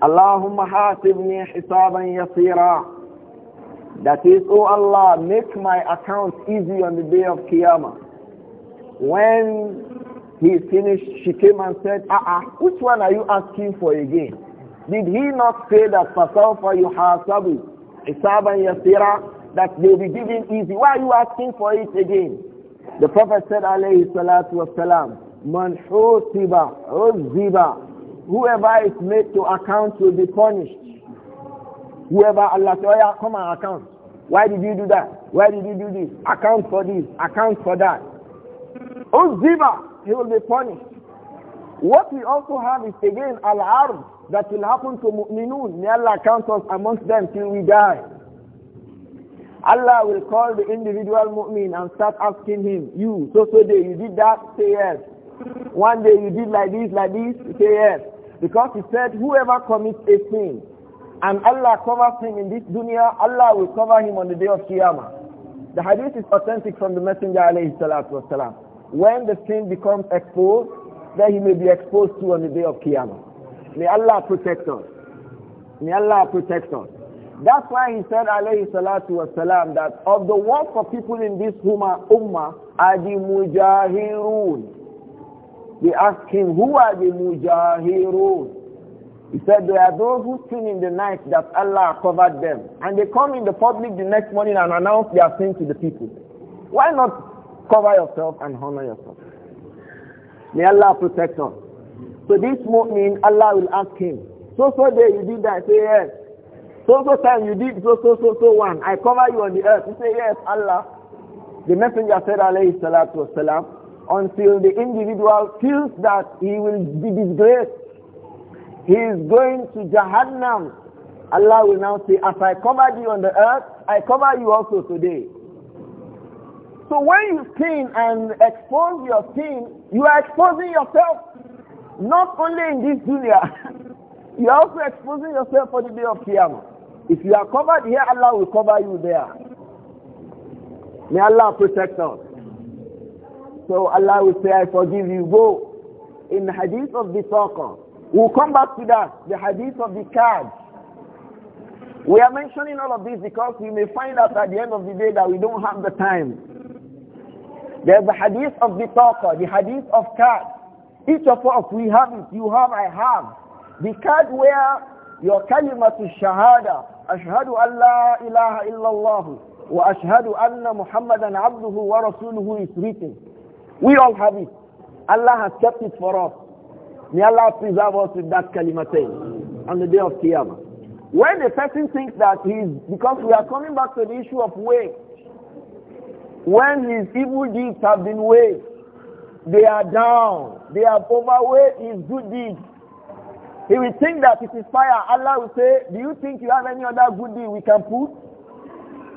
Allahumma hasibni hisaban yasira. That is, O oh Allah, make my account easy on the day of Qiyamah. When he finished, she came and said, Ah, uh -uh, which one are you asking for again? Did he not say that Fasawfa yuhasabu hisaban yasira that they will be given easy? Why are you asking for it again? The Prophet said, alayhi salatu wasalam, Man hutiba, ziba." whoever is made to account will be punished. Whoever Allah says, oh yeah, come and account. Why did you do that? Why did you do this? Account for this, account for that. Ziba, he will be punished. What we also have is again al that will happen to mu'minun. May Allah count us amongst them till we die. Allah will call the individual mu'min and start asking him, you, so so day you did that, say yes. One day you did like this, like this, say yes. Because he said, whoever commits a sin, and Allah covers him in this dunya, Allah will cover him on the day of Qiyamah. The hadith is authentic from the Messenger alayhi salatu wasalam. When the sin becomes exposed, then he may be exposed to on the day of Qiyamah. May Allah protect us. May Allah protect us. That's why he said alayhi salatu wasalam that of the work of people in this ummah, ummah are the mujahirun they asked him, who are the mujahirun? He said, they are those who sin in the night that Allah covered them. And they come in the public the next morning and announce their sin to the people. Why not cover yourself and honor yourself? May Allah protect us. So this morning Allah will ask him, so so day you did that, say yes. So so time you did so so so so one. I cover you on the earth. You say yes, Allah. The messenger said alayhi salatu wasalam, until the individual feels that he will be disgraced. He is going to Jahannam. Allah will now say, as I covered you on the earth, I cover you also today. So when you sin and expose your sin, you are exposing yourself not only in this dunya, you are also exposing yourself for the day of Qiyamah. If you are covered here, Allah will cover you there. May Allah protect us. So Allah will say, I forgive you. Go. In the hadith of the talker. we'll come back to that, the hadith of the card. We are mentioning all of this because we may find out at the end of the day that we don't have the time. There's the hadith of the talker, the hadith of card. Each of us, we have it. You have, I have. The card where your kalimatu shahada, ashhadu an la ilaha illallah, wa ashhadu anna muhammadan abduhu wa rasuluhu is written. We all have it. Allah has kept it for us. May Allah preserve us with that kalimatain on the day of Qiyamah. When the person thinks that he is, because we are coming back to the issue of weight, when his evil deeds have been weighed, they are down, they have overweight his good deeds. He will think that it is fire. Allah will say, do you think you have any other good deed we can put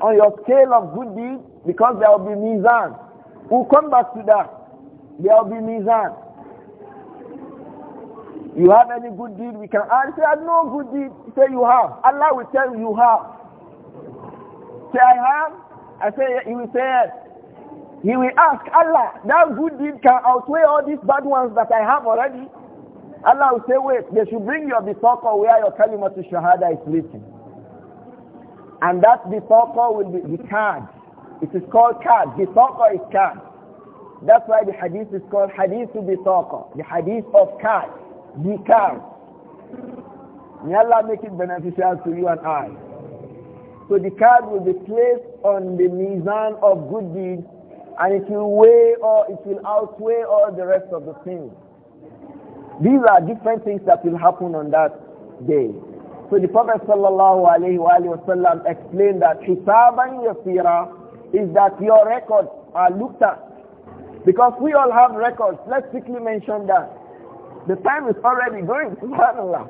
on your scale of good deeds? Because there will be mizan. We'll come back to that. There will be mizan. You have any good deed we can answer, Say, no good deed. Say, you have. Allah will tell you, you have. Say, I have. I say, he will say, yes. He will ask, Allah, that good deed can outweigh all these bad ones that I have already. Allah will say, wait, they should bring your bitaqa where your kalimatu shahada is written. And that bitaqa will be the card it is called card. Bitaqa is card. That's why the hadith is called hadith to bitaqa. The hadith of card. The May Allah make it beneficial to you and I. So the card will be placed on the mizan of good deeds and it will weigh or it will outweigh all the rest of the things. These are different things that will happen on that day. So the Prophet sallallahu alaihi wasallam explained that hisaban yasira is that your records are looked at. Because we all have records. Let's quickly mention that. The time is already going. Subhanallah.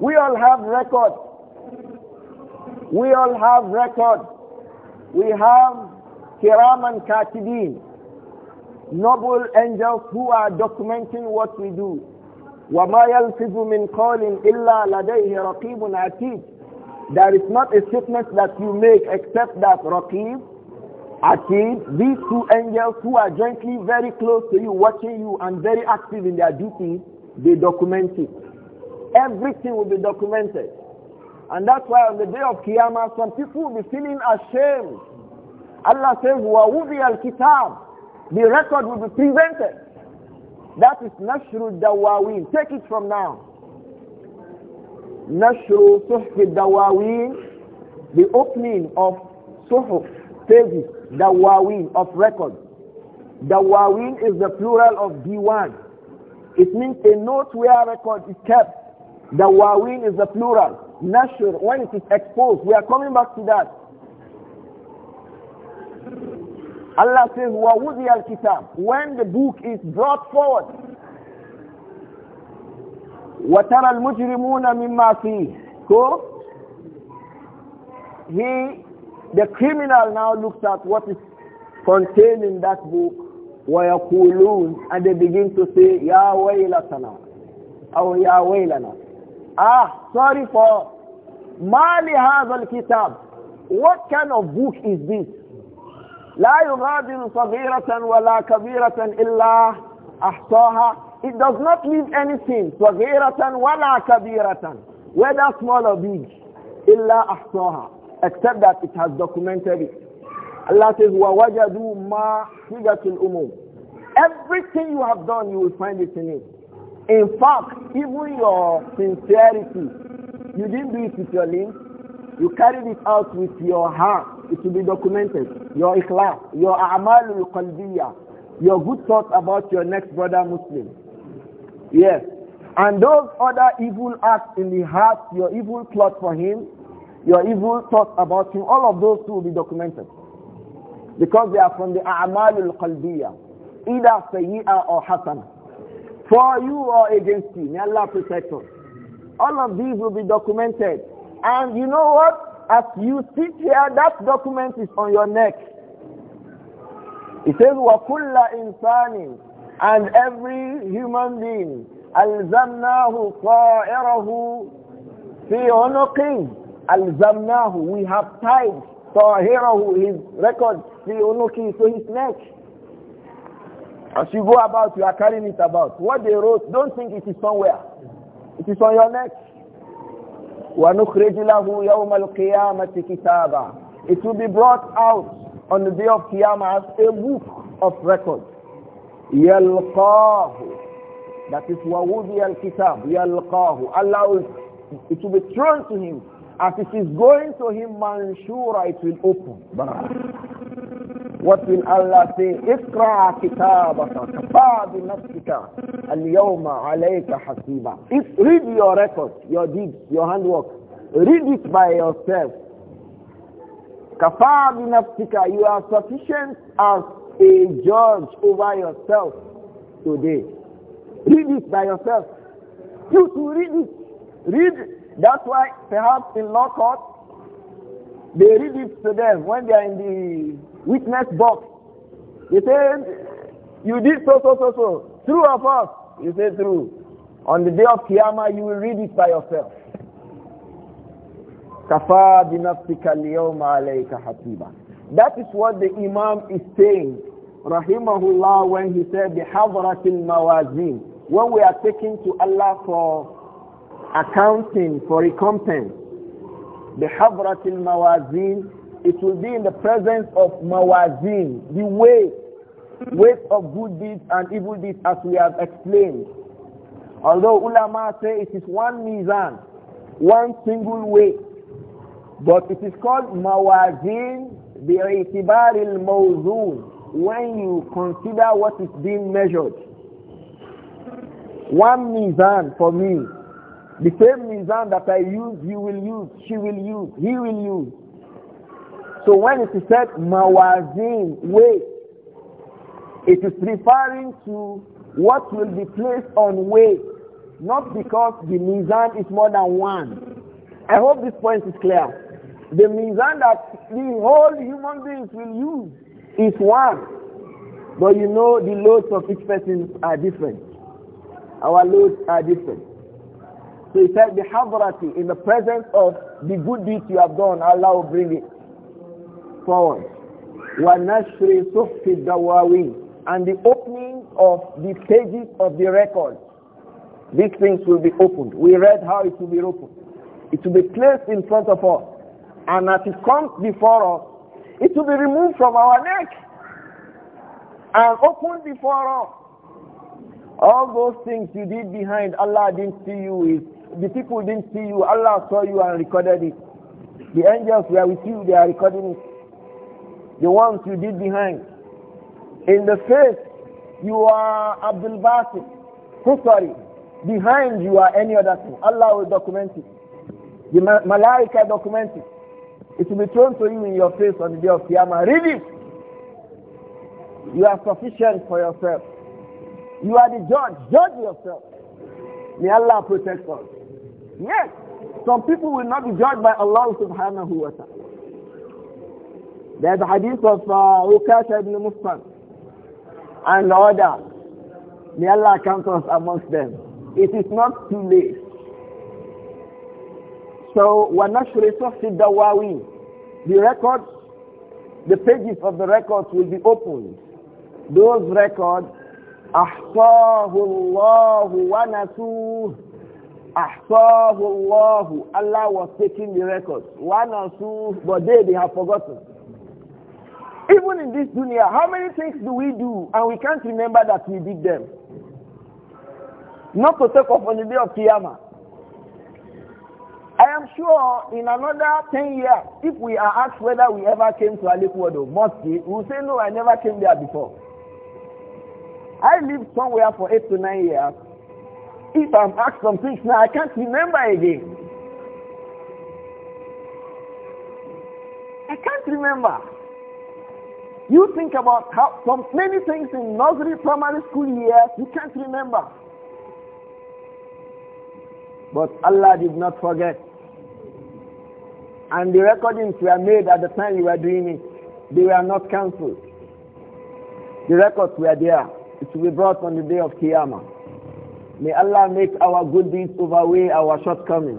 We all have records. We all have records. We have and katibin, noble angels who are documenting what we do. وما يلفظ من قول إلا لديه رقيب عتيد there is not a statement that you make except that Raqib Akid, these two angels who are jointly very close to you, watching you and very active in their duty, they document it. Everything will be documented. And that's why on the day of Qiyamah, some people will be feeling ashamed. Allah says, al kitab, The record will be presented. That is Nashru Dawawin. Take it from now. Nashru Suhfi Dawawin, the opening of Suhuf the wa'win of record. The wa'win is the plural of diwan. It means a note where record is kept. The wa'win is the plural. Nashur, when it is exposed, we are coming back to that. Allah says, al-kitab. When the book is brought forward, وَتَرَى الْمُجْرِمُونَ مِمَّا فِيهِ So, he the criminal now looks at what is contained in that book, وَيَقُولُونَ And they begin to say, يَا وَيْلَتَنَا أو يَا وَيْلَنَا Ah, sorry for مَا لِهَذَا kitab What kind of book is this? La يغادر صغيرة wala kabiratan illa أحصاها It does not leave anything صغيرة wala kabiratan. whether small or big illa أحصاها except that it has documented it. Allah says, وَوَجَدُوا مَا فِيَةُ الْأُمُومِ Everything you have done, you will find it in it. In fact, even your sincerity, you didn't do it with your limbs, you carried it out with your heart. It will be documented. Your ikhlas, your a'malul qalbiyah, your good thoughts about your next brother Muslim. Yes. And those other evil acts in the heart, your evil plot for him, your evil thoughts about him, all of those two will be documented. Because they are from the A'malul qalbiya, either Sayyi'ah or Hasana. For you or against you, may Allah protect us. All of these will be documented. And you know what? As you sit here, that document is on your neck. It says, وَكُلَّ إِنسَانٍ And every human being, أَلْزَمْنَاهُ طَائِرَهُ فِي عُنُقِهِ Alzamnahu, we have tied Tahirahu, his record, the Unuki, to his neck. As you go about, you are carrying it about. What they wrote, don't think it is somewhere. It is on your neck. وَنُخْرِجْ لَهُ يَوْمَ الْقِيَامَةِ كِتَابًا It will be brought out on the day of Qiyamah as a book of record. يَلْقَاهُ That is وَوُذِيَ الْكِتَابُ يَلْقَاهُ Allah will, it will be thrown to him. As it is going to him, Manshura, it will open. What will Allah say? اقرأ كتابك كفى al اليوم عليك If read your record, your deeds, your handwork, read it by yourself. كفى بنفسك you are sufficient as a judge over yourself today. Read it by yourself. You to read it. Read that's why perhaps in law court, they read it to them when they are in the witness box. They say, you did so, so, so, so. True or false? You say true. On the day of Qiyamah, you will read it by yourself. Kafa binafsika liyawma alayka hatiba. That is what the Imam is saying, rahimahullah, when he said, "The al الْمَوَازِينَ When we are taking to Allah for accounting for recompense. Bihabratil mawazin, it will be in the presence of mawazin, the weight, weight of good deeds and evil deeds as we have explained. Although ulama say it is one mizan, one single weight, but it is called mawazin bi'itibar al-mawzun when you consider what is being measured. One mizan for me the same mizan that I use, you will use, she will use, he will use. So when it is said mawazin, weight, it is referring to what will be placed on weight, not because the mizan is more than one. I hope this point is clear. The mizan that the whole human beings will use is one. But you know the loads of each person are different. Our loads are different. So he said, "The Bihadrati, in the presence of the good deeds you have done, Allah will bring it forward. وَنَشْرِ سُحْفِ الدَّوَاوِينَ And the opening of the pages of the record. These things will be opened. We read how it will be opened. It will be placed in front of us. And as it comes before us, it will be removed from our neck and opened before us. All those things you did behind, Allah didn't see you with the people didn't see you. Allah saw you and recorded it. The angels were with you, they are recording it. The ones you did behind. In the face, you are Abdul Basit. So sorry. Behind you are any other thing. Allah will document it. The Malaika document it. It will be thrown to you in your face on the day of Qiyamah. Read it. You are sufficient for yourself. You are the judge. Judge yourself. May Allah protect us. Yes, some people will not be judged by Allah subhanahu wa ta'ala. There's a hadith of uh, Ukasha ibn Muslim and other. May Allah count us amongst them. It is not too late. So, وَنَشْرِ صَحْتِ الدَّوَاوِي The records, the pages of the records will be opened. Those records, أَحْصَاهُ اللَّهُ وَنَسُوهُ Allah. Allah was taking the records. One or two, but they, they have forgotten. Even in this dunya, how many things do we do and we can't remember that we did them? Not to take off on the day of Qiyamah. I am sure in another 10 years, if we are asked whether we ever came to Alif Wado Mosque, we will say, no, I never came there before. I lived somewhere for 8 to 9 years if I'm asked some things now, I can't remember again. I can't remember. You think about how some many things in nursery, primary school years, you can't remember. But Allah did not forget. And the recordings were made at the time you were doing it. They were not cancelled. The records were there. It will be brought on the day of Qiyamah. May Allah make our good deeds outweigh our shortcomings.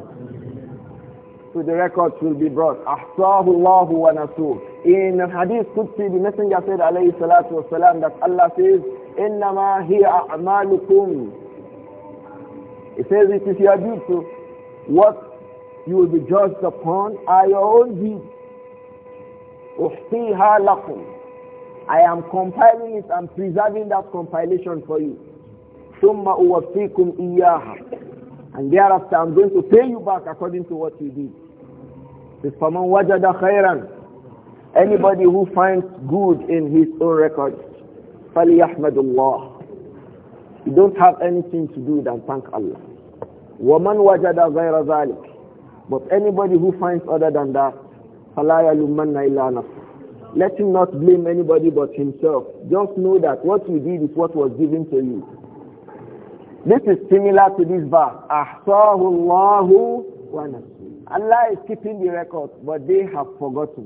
So the records will be brought. Ahsahullahu wa nasuh. In Hadith Qudsi, the Messenger said, alayhi salatu wasalam, that Allah says, إِنَّمَا هِيَ أَعْمَالُكُمْ He says, it is your duty. What you will be judged upon are your own deeds. أُحْتِيهَا لَكُمْ I am compiling it and preserving that compilation for you. ثم أوفيكم إياها and thereafter I'm going to pay you back according to what you did. If faman wajada khairan, Anybody who finds good in his own record, فَلْيَحْمَدُ You don't have anything to do than thank Allah. وَمَنْ wajada غَيْرَ ذَلِكَ But anybody who finds other than that, فَلَا يَلُمَّنَّ إِلَّا Let him not blame anybody but himself. Just know that what you did is what was given to you. This is similar to this verse. أَحْصَاهُ اللَّهُ وَنَسُوا Allah is keeping the record, but they have forgotten.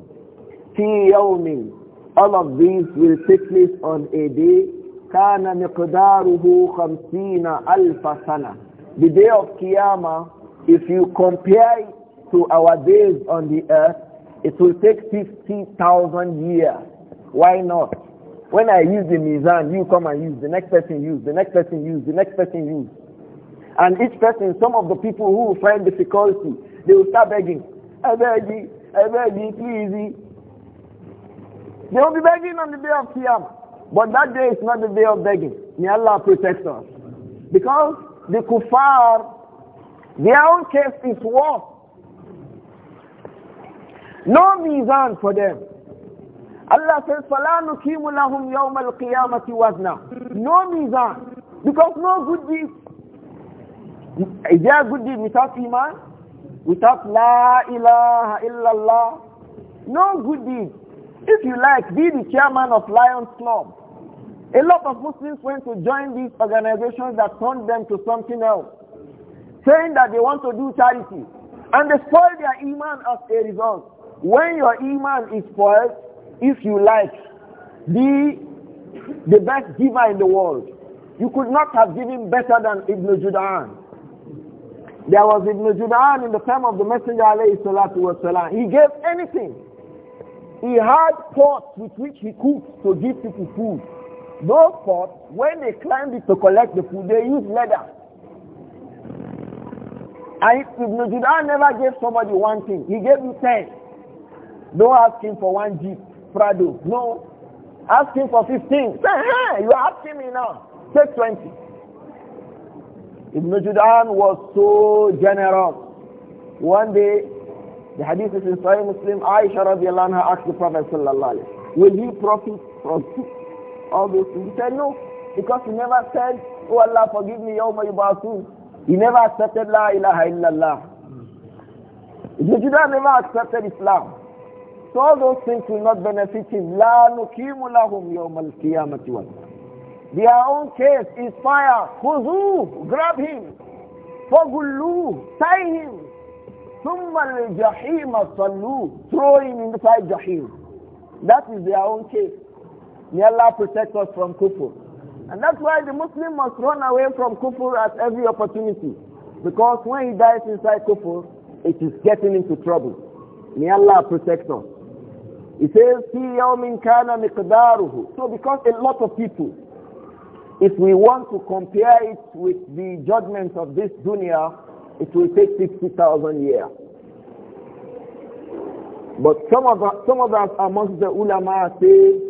Fi All of these will take place on a day. kana مِقْدَارُهُ خَمْسِينَ أَلْفَ The day of Qiyamah, if you compare it to our days on the earth, it will take 50,000 years. Why not? When I use the mizan, you come and use, the next person use, the next person use, the next person use. And each person, some of the people who find difficulty, they will start begging. I beg you, I beg you, please. They will be begging on the day of Qiyamah. But that day is not the day of begging. May Allah protect us. Because the kuffar, their own case is worse. No mizan for them. Allah says, فَلَا nukimulahum لَهُمْ al qiyamati wazna." No mizan. Because no good deed. Is there a good deed without iman? Without la ilaha illallah? No good deed. If you like, be the chairman of Lions Club. A lot of Muslims went to join these organizations that turned them to something else, saying that they want to do charity. And they spoil their iman as a result. When your iman is spoiled, if you like, be the best giver in the world. You could not have given better than Ibn Judan. There was Ibn Judan in the time of the Messenger alayhi salatu wasalam. He gave anything. He had pots with which he cooked to give people food. Those pots, when they climbed it to collect the food, they used leather. And Ibn Judan never gave somebody one thing. He gave you ten. Don't ask him for one jeep. Prado. No. Ask him for 15. Say, hey, you are asking me now. Take 20. Ibn Judan was so generous. One day, the hadith is in Sahih Muslim, Aisha radiallahu anha asked the Prophet sallallahu alayhi will he profit from all those things? He said, no, because he never said, oh Allah forgive me, my yubasun. He never accepted la ilaha illallah. Ibn Judan never accepted Islam. So all those things will not benefit him. La nukimu lahum yawm qiyamati wal Their own case is fire. Khuzuh, grab him. Fagulluh, tie him. Thumma al-jahim salluh, throw him inside jahim. That is their own case. May Allah protect us from kufr. And that's why the Muslim must run away from kufr at every opportunity. Because when he dies inside kufr, it is getting into trouble. May Allah protect us. It says, "Fi yawmin kana miqdaruhu." So because a lot of people, if we want to compare it with the judgment of this dunya, it will take 60,000 years. But some of us, some of us amongst the ulama say,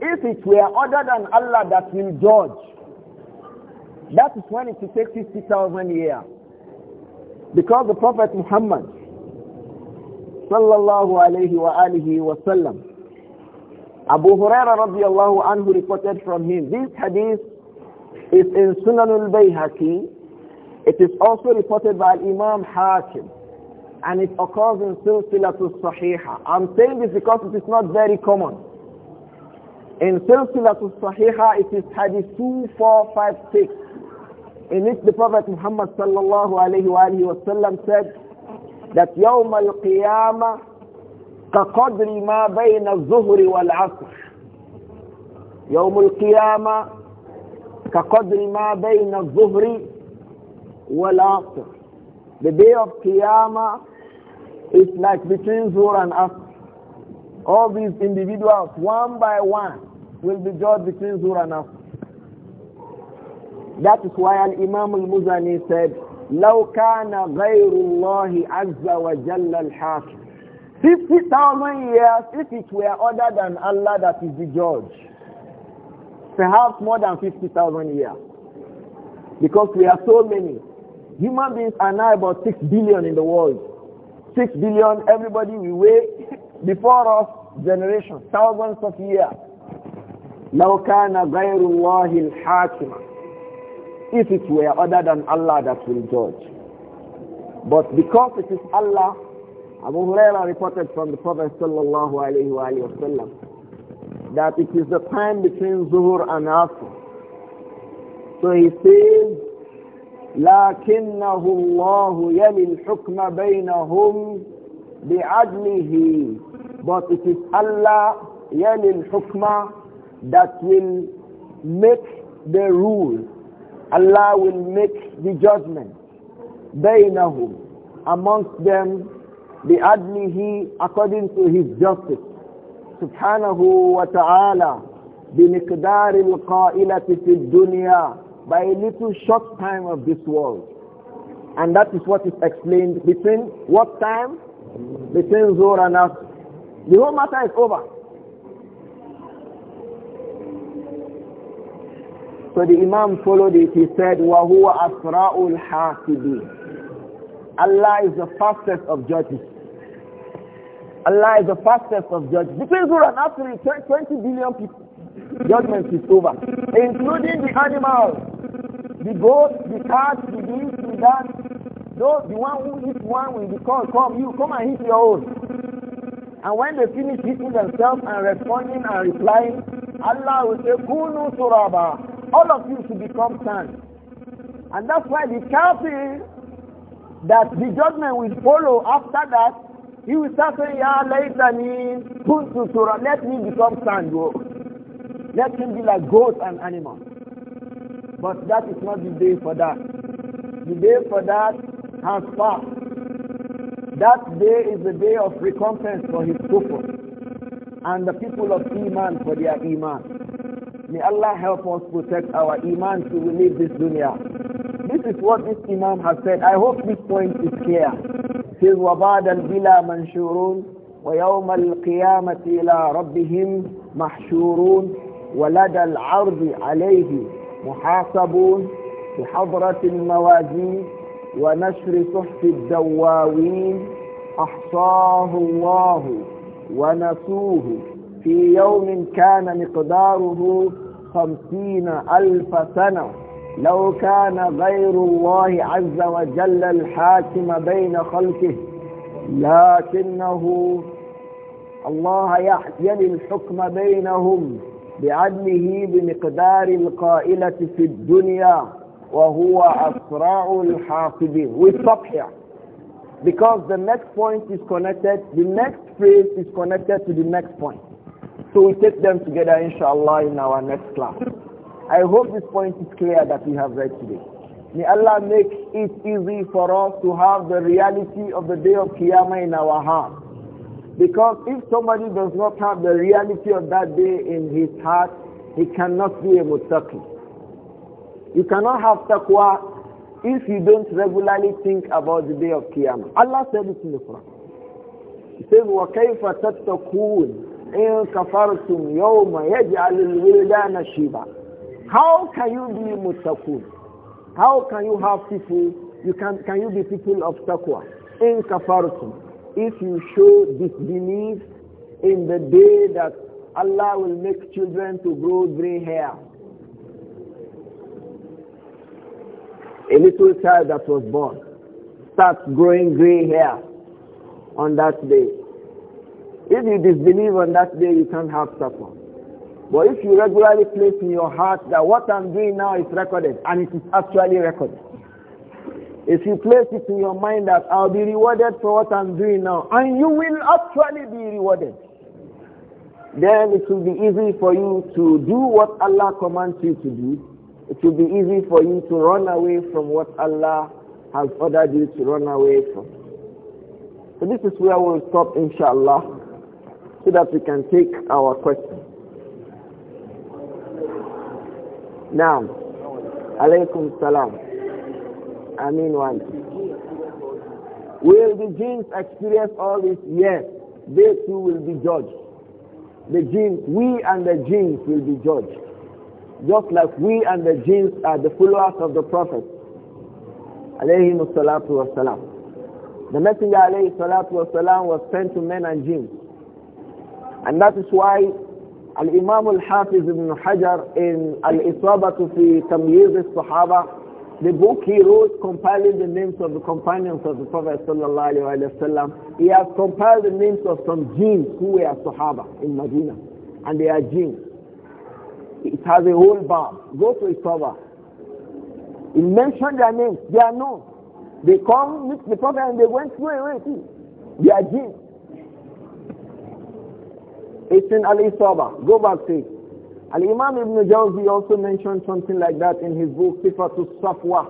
if it were other than Allah that will judge, that is when it will take 60,000 years. Because the Prophet Muhammad sallallahu alayhi wa sallam. Abu Huraira radiallahu anhu reported from him. This hadith is in Sunan al-Bayhaqi. It is also reported by Imam Hakim. And it occurs in Silsilatul Sahiha. I'm saying this because it is not very common. In Silsilatul Sahiha, it is hadith 2456. In it the Prophet Muhammad sallallahu alayhi wa sallam said, that يوم القيامة كقدر ما بين الظهر والعصر يوم القيامة كقدر ما بين wal والعصر The day of Qiyamah is like between Zuhr and Asr. All these individuals, one by one, will be judged between Zuhr and Asr. That is why Al-Imam Al-Muzani said, لو كان غير الله عز وجل الحاكم 50,000 years if it were other than Allah that is the judge perhaps more than 50,000 years because we are so many human beings are now about 6 billion in the world 6 billion everybody we wait before us generations thousands of years لو كان غير الله الحاكم if it were other than Allah that will judge. But because it is Allah, Abu Huraira reported from the Prophet sallallahu alayhi wa sallam that it is the time between Zuhur and Asr. So he says, لكنه الله يلي الحكم بينهم بعدله but it is Allah يلي الحكم that will make the rule Allah will make the judgment bainahum amongst them the bi'adlihi according to his justice subhanahu wa ta'ala بمقدار القائلة في الدنيا by a little short time of this world and that is what is explained between what time between Zohr and us. the whole matter is over So the Imam followed it. He said, وَهُوَ أَسْرَاءُ الْحَاسِبِينَ Allah is the fastest of judges. Allah is the fastest of judges. The Quran are now 20 billion people. Judgment is over, including the animals, the goats, the cats, the geese, the that. Those the one who hits one will be called, come, you, come and hit your own. And when they finish hitting themselves and responding and replying, Allah will say, Kunu suraba, all of you to become sand. And that's why the kafir that the judgment will follow after that, he will start saying, Ya laytani kuntu surah, let me become sand. Oh. Let him be like goats and animals. But that is not the day for that. The day for that has passed. That day is the day of recompense for his people and the people of Iman for their Iman. May Allah help us protect our iman till we leave this dunya. This is what this Imam has said. I hope this point is clear. says, وَبَعْدَ الْبِلَى مَنْشُورُونَ وَيَوْمَ الْقِيَامَةِ إِلَىٰ رَبِّهِمْ مَحْشُورُونَ وَلَدَ العرض عليه محاسبون بحضرة الموازين ونشر صحف الدواوين أحصاه الله ونسوه في يوم كان مقداره خمسين ألف سنة لو كان غير الله عز وجل الحاكم بين خلقه لكنه الله يلي الحكم بينهم بعدله بمقدار القائلة في الدنيا وهو أسرع الحاسبين We stop here because the next point is connected the next phrase is connected to the next point So we take them together, inshallah, in our next class. I hope this point is clear that we have read today. May Allah make it easy for us to have the reality of the day of Qiyamah in our heart. Because if somebody does not have the reality of that day in his heart, he cannot be a muttaqi. You cannot have taqwa if you don't regularly think about the day of Qiyamah. Allah said it in the Quran. He says, وَكَيْفَ تَتَّقُونَ إن كفرتم How can you be mutakun? How can you have people, you can, can you be people of taqwa? In kafartum. If you show disbelief in the day that Allah will make children to grow gray hair. A little child that was born starts growing gray hair on that day. If you disbelieve on that day, you can't have supper. But if you regularly place in your heart that what I'm doing now is recorded, and it is actually recorded. If you place it in your mind that I'll be rewarded for what I'm doing now, and you will actually be rewarded, then it will be easy for you to do what Allah commands you to do. It will be easy for you to run away from what Allah has ordered you to run away from. So this is where we'll stop, inshallah so that we can take our question. Now, alaykum salam. Amin one. Will the jinns experience all this? Yes. They too will be judged. The jinns, we and the jinns will be judged. Just like we and the jinns are the followers of the Prophet. Alayhim salatu wasalam. The Messenger alayhi salatu wasalam was sent to men and jinns. And that is why Al-Imam Al-Hafiz ibn Hajar in Al-Isabatu fi Tamyiz al-Sahaba, the book he wrote compiling the names of the companions of the Prophet sallallahu alaihi wasallam, he has compiled the names of some jinns who were Sahaba in Medina. And they are jinns. It has a whole bar. Go to Isaba. He mentioned their names. They are known. They come, meet the Prophet and they went through away too. They are jinns. It's in Al-Isaba. Go back to it. Al-Imam Ibn Jawzi also mentioned something like that in his book Sifatul Safwa.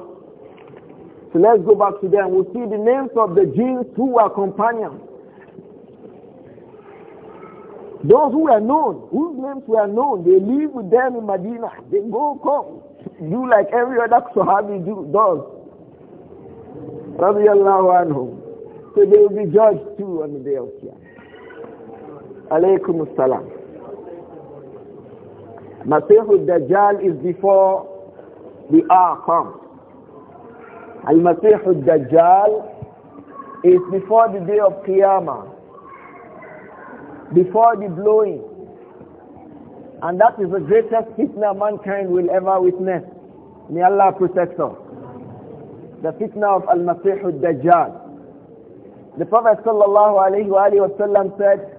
So let's go back to them. We'll see the names of the jinns who were companions. Those who were known, whose names were known, they live with them in Medina. They go, come, do like every other Sahabi do, does. Radiallahu anhum. So they will be judged too on the day of Qiyamah. Alaykum Assalam. Masih dajjal is before the Ark. Al-Masih dajjal is before the day of Qiyamah. Before the blowing. And that is the greatest fitna mankind will ever witness. May Allah protect us. The fitna of Al-Masih dajjal The Prophet sallallahu alayhi wa said,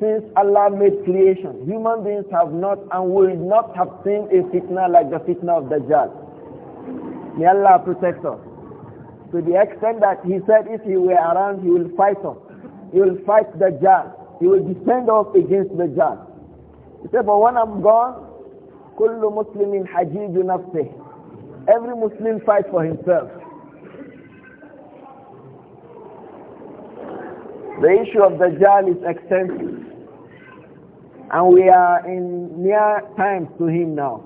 since Allah made creation, human beings have not and will not have seen a fitna like the fitna of Dajjal. May Allah protect us. To the extent that he said if he were around, he will fight us. He will fight Dajjal. He will defend us against Dajjal. He said, but when I'm gone, كل مسلم حجيج نفسه. Every Muslim fight for himself. The issue of Dajjal is extensive. And we are in near times to him now.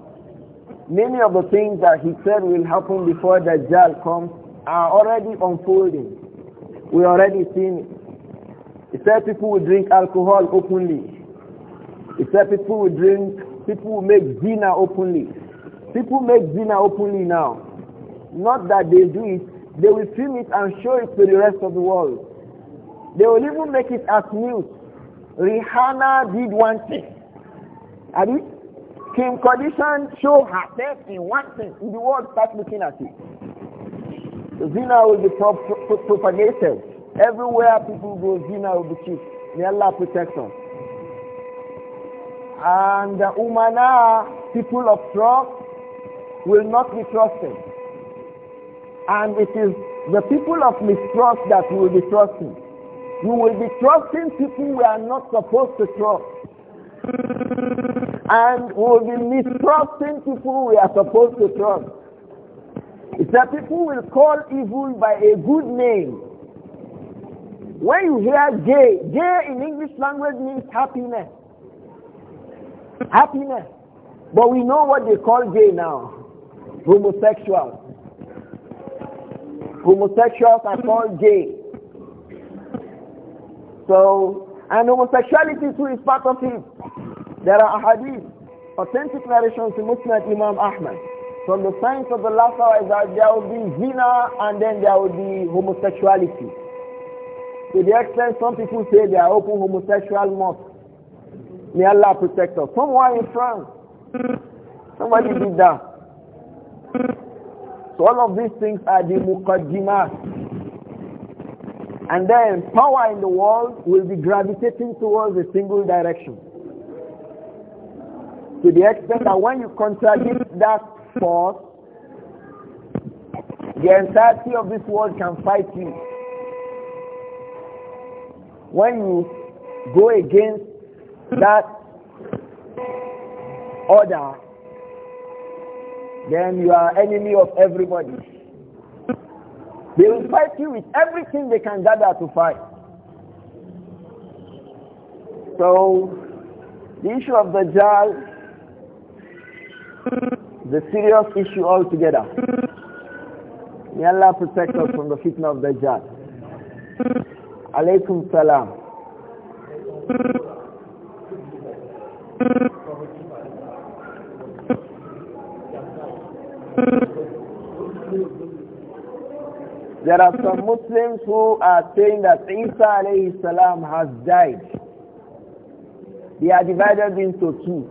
Many of the things that he said will happen before Dajjal comes are already unfolding. We already seen it. He said people will drink alcohol openly. He said people will drink, people will make zina openly. People make zina openly now. Not that they do it, they will film it and show it to the rest of the world. They will even make it as news. Rihanna did one thing. Abi, Kim Kardashian showed herself in one thing. In the world start looking at it. Zina will be prop, pro propagated. Everywhere people go, Zina will be cheap. May Allah protect us. And the Umana, ah, people of trust, will not be trusted. And it is the people of mistrust that will be trusting. You will be trusting people we are not supposed to trust. And we will be mistrusting people we are supposed to trust. It's that people will call evil by a good name. When you hear gay, gay in English language means happiness. Happiness. But we know what they call gay now. Homosexuals. Homosexuals are called gay. So, and homosexuality too is part of it. There are hadith, authentic narrations in Muslim Imam Ahmad. From the signs of the last hour is that there will be zina and then there will be homosexuality. To the extent some people say they are open homosexual mosques. May Allah protect us. Someone in France, somebody did that. So all of these things are the muqaddimat. And then power in the world will be gravitating towards a single direction. To the extent that when you contradict that force, the entirety of this world can fight you. When you go against that order, then you are enemy of everybody. They will fight you with everything they can gather to fight. So, the issue of the Dajjal, the serious issue altogether. May Allah protect us from the fitna of the Dajjal. Alaykum salam. Thank you. There are some Muslims who are saying that Isa alayhi salam has died. They are divided into two.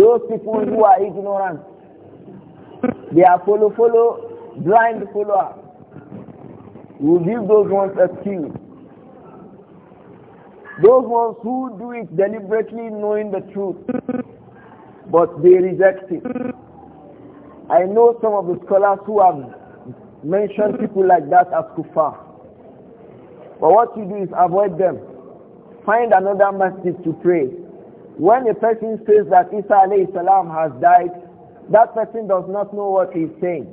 Those people who are ignorant, they are follow follow, blind follower. We give those ones a kill. Those ones who do it deliberately knowing the truth, but they reject it. I know some of the scholars who have mention people like that as kuffar. But what you do is avoid them. Find another masjid to pray. When a person says that Isa alayhi salam has died, that person does not know what he is saying.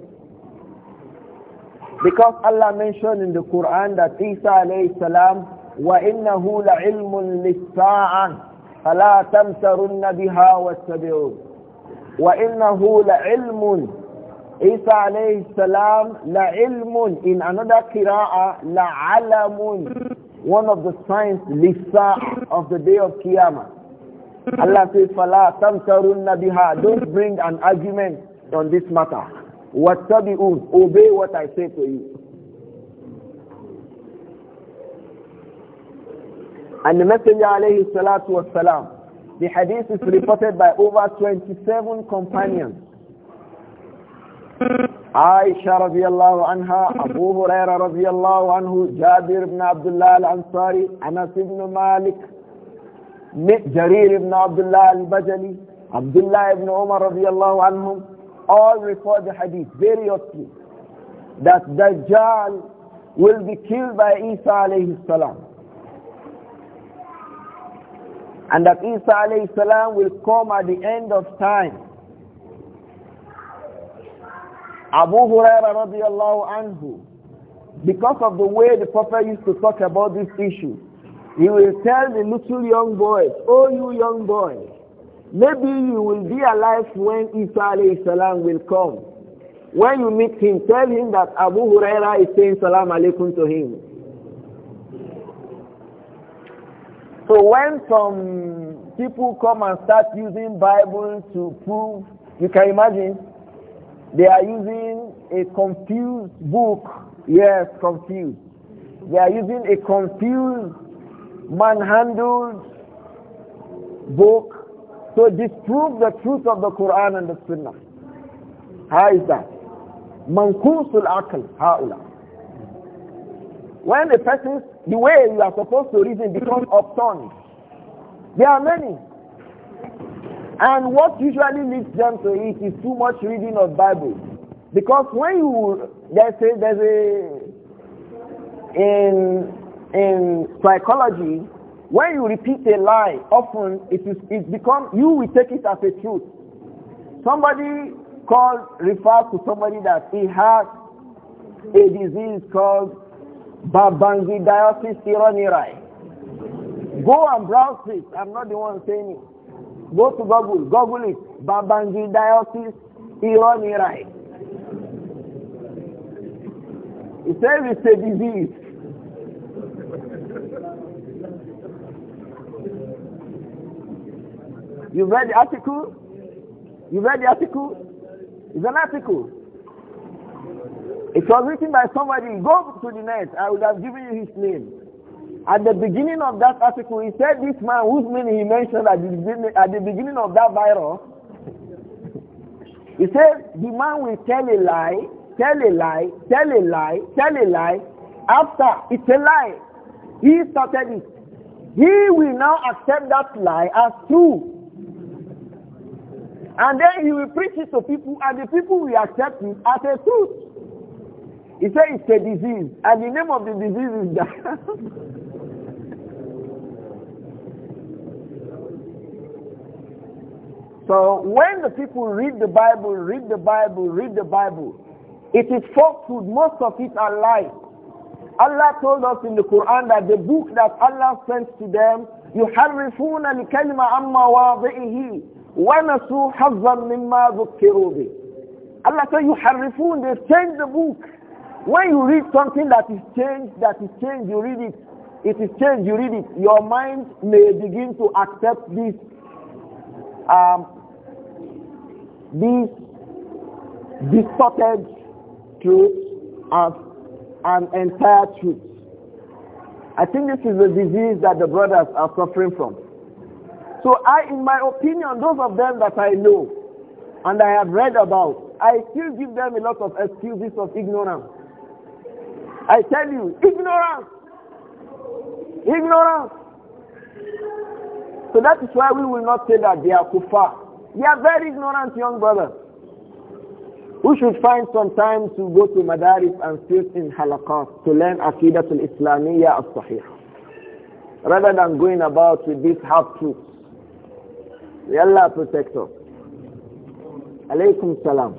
Because Allah mentioned in the Quran that Isa alayhi salam وَإِنَّهُ لَعِلْمٌ لِلسَّاعَةِ فَلَا wa بِهَا وَاتَّبِعُونَ وَإِنَّهُ لَعِلْمٌ Isa alayhi salam, la ilmun. In another qira'ah, la alamun. One of the signs, lisa of the day of Qiyamah. Allah says, فَلَا تَمْتَرُنَّ بِهَا Don't bring an argument on this matter. وَاتَّبِعُونَ Obey what I say to you. And the Messenger alayhi salatu was salam, the hadith is reported by over 27 companions. عائشة رضي الله عنها أبو هريرة رضي الله عنه جابر بن عبد الله الأنصاري أنس بن مالك جرير بن عبد الله البجلي عبد الله بن عمر رضي الله عنهم all record the hadith very often that Dajjal will be killed by Isa alayhi salam and that Isa alayhi salam will come at the end of time Abu Huraira radiallahu anhu, because of the way the Prophet used to talk about this issue, he will tell the little young boys, oh you young boys, maybe you will be alive when Isa alayhi salam will come. When you meet him, tell him that Abu Huraira is saying salam alaikum to him. So when some people come and start using Bible to prove, you can imagine, they are using a confused book. Yes, confused. They are using a confused, manhandled book to disprove the truth of the Quran and the Sunnah. How is that? Mankusul akal haula. When the person, the way you are supposed to reason becomes upturned. There are many. And what usually leads them to it is too much reading of Bible. Because when you, there's a, there's a, in, in psychology, when you repeat a lie, often it is, it become, you will take it as a truth. Somebody called, refers to somebody that he has a disease called Babangidiasis ironirai. Go and browse it. I'm not the one saying it. Go to Google. Google it. Babangi Diocese Iran, Rai. It says it's a disease. You read the article? You read the article? It's an article. It was written by somebody. Go to the net. I would have given you his name. At the beginning of that article, he said this man whose name he mentioned at the, at the beginning of that viral, he said the man will tell a lie, tell a lie, tell a lie, tell a lie. After it's a lie, he started it. He will now accept that lie as true. And then he will preach it to people, and the people will accept it as a truth. He said it's a disease, and the name of the disease is that. So when the people read the Bible, read the Bible, read the Bible, it is falsehood. Most of it are lies. Allah told us in the Quran that the book that Allah sent to them, يحرفون الكلمة عن مواضعه ونسوا حظا مما ذكروا به. Allah said يحرفون, they change the book. When you read something that is changed, that is changed, you read it. It is changed, you read it. Your mind may begin to accept this um, these distorted truths as an entire truth. I think this is the disease that the brothers are suffering from. So I, in my opinion, those of them that I know and I have read about, I still give them a lot of excuses of ignorance. I tell you, ignorance! Ignorance! So that is why we will not say that they are kuffar. You are very ignorant young brother. Who should find some time to go to Madaris and sit in Halakah to learn Aqidatul Islamiyya al-Sahih. Rather than going about with these half-truths. May Allah protect us. Alaykum salam.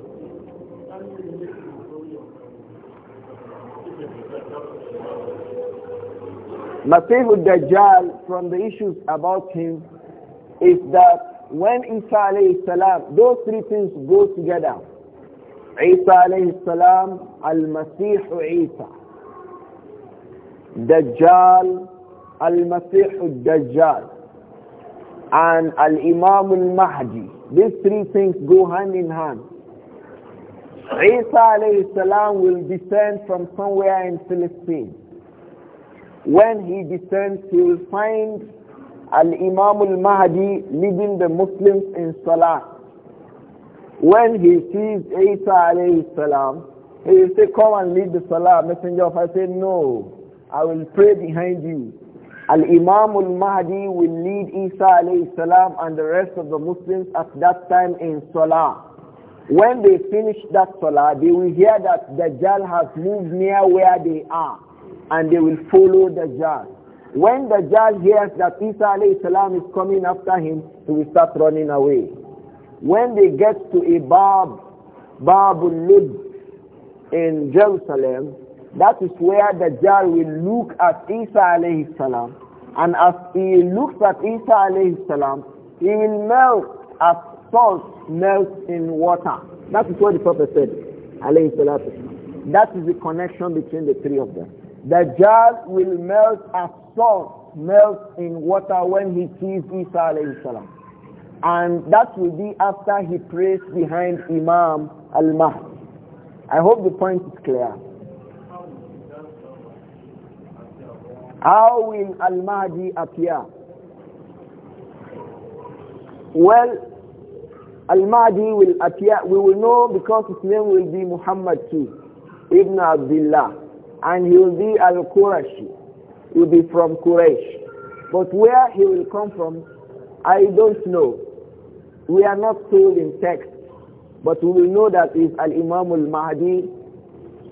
Masih al-Dajjal, from the issues about him, is that when Isa alayhi salam, those three things go together. Isa alayhi salam, Al-Masih Isa. Dajjal, Al-Masih Dajjal. And Al-Imam Al-Mahdi. These three things go hand in hand. Isa alayhi salam will descend from somewhere in Philistine. When he descends, he will find Al-Imam al-Mahdi leading the Muslims in Salah. When he sees Isa alayhi salam, he will say, come and lead the Salah. Messenger of Allah say, no, I will pray behind you. Al-Imam al-Mahdi will lead Isa alayhi salam and the rest of the Muslims at that time in Salah. When they finish that Salah, they will hear that Dajjal has moved near where they are and they will follow Dajjal. When the Dajjal hears that Isa salam is coming after him, he will start running away. When they get to a Bab, Babul Lib in Jerusalem, that is where the Dajjal will look at Isa salam. And as he looks at Isa salam, he will melt as salt melts in water. That is what the Prophet said. That is the connection between the three of them. The jar will melt as salt melts in water when he sees Isa alayhi salam. And that will be after he prays behind Imam al-Mahdi. I hope the point is clear. How will Al-Mahdi appear? Well, Al-Mahdi will appear, we will know because his name will be Muhammad too, Ibn Abdullah and he will be al-Qurashi. He will be from Quraysh. But where he will come from, I don't know. We are not told in text, but we will know that is al-Imam al-Mahdi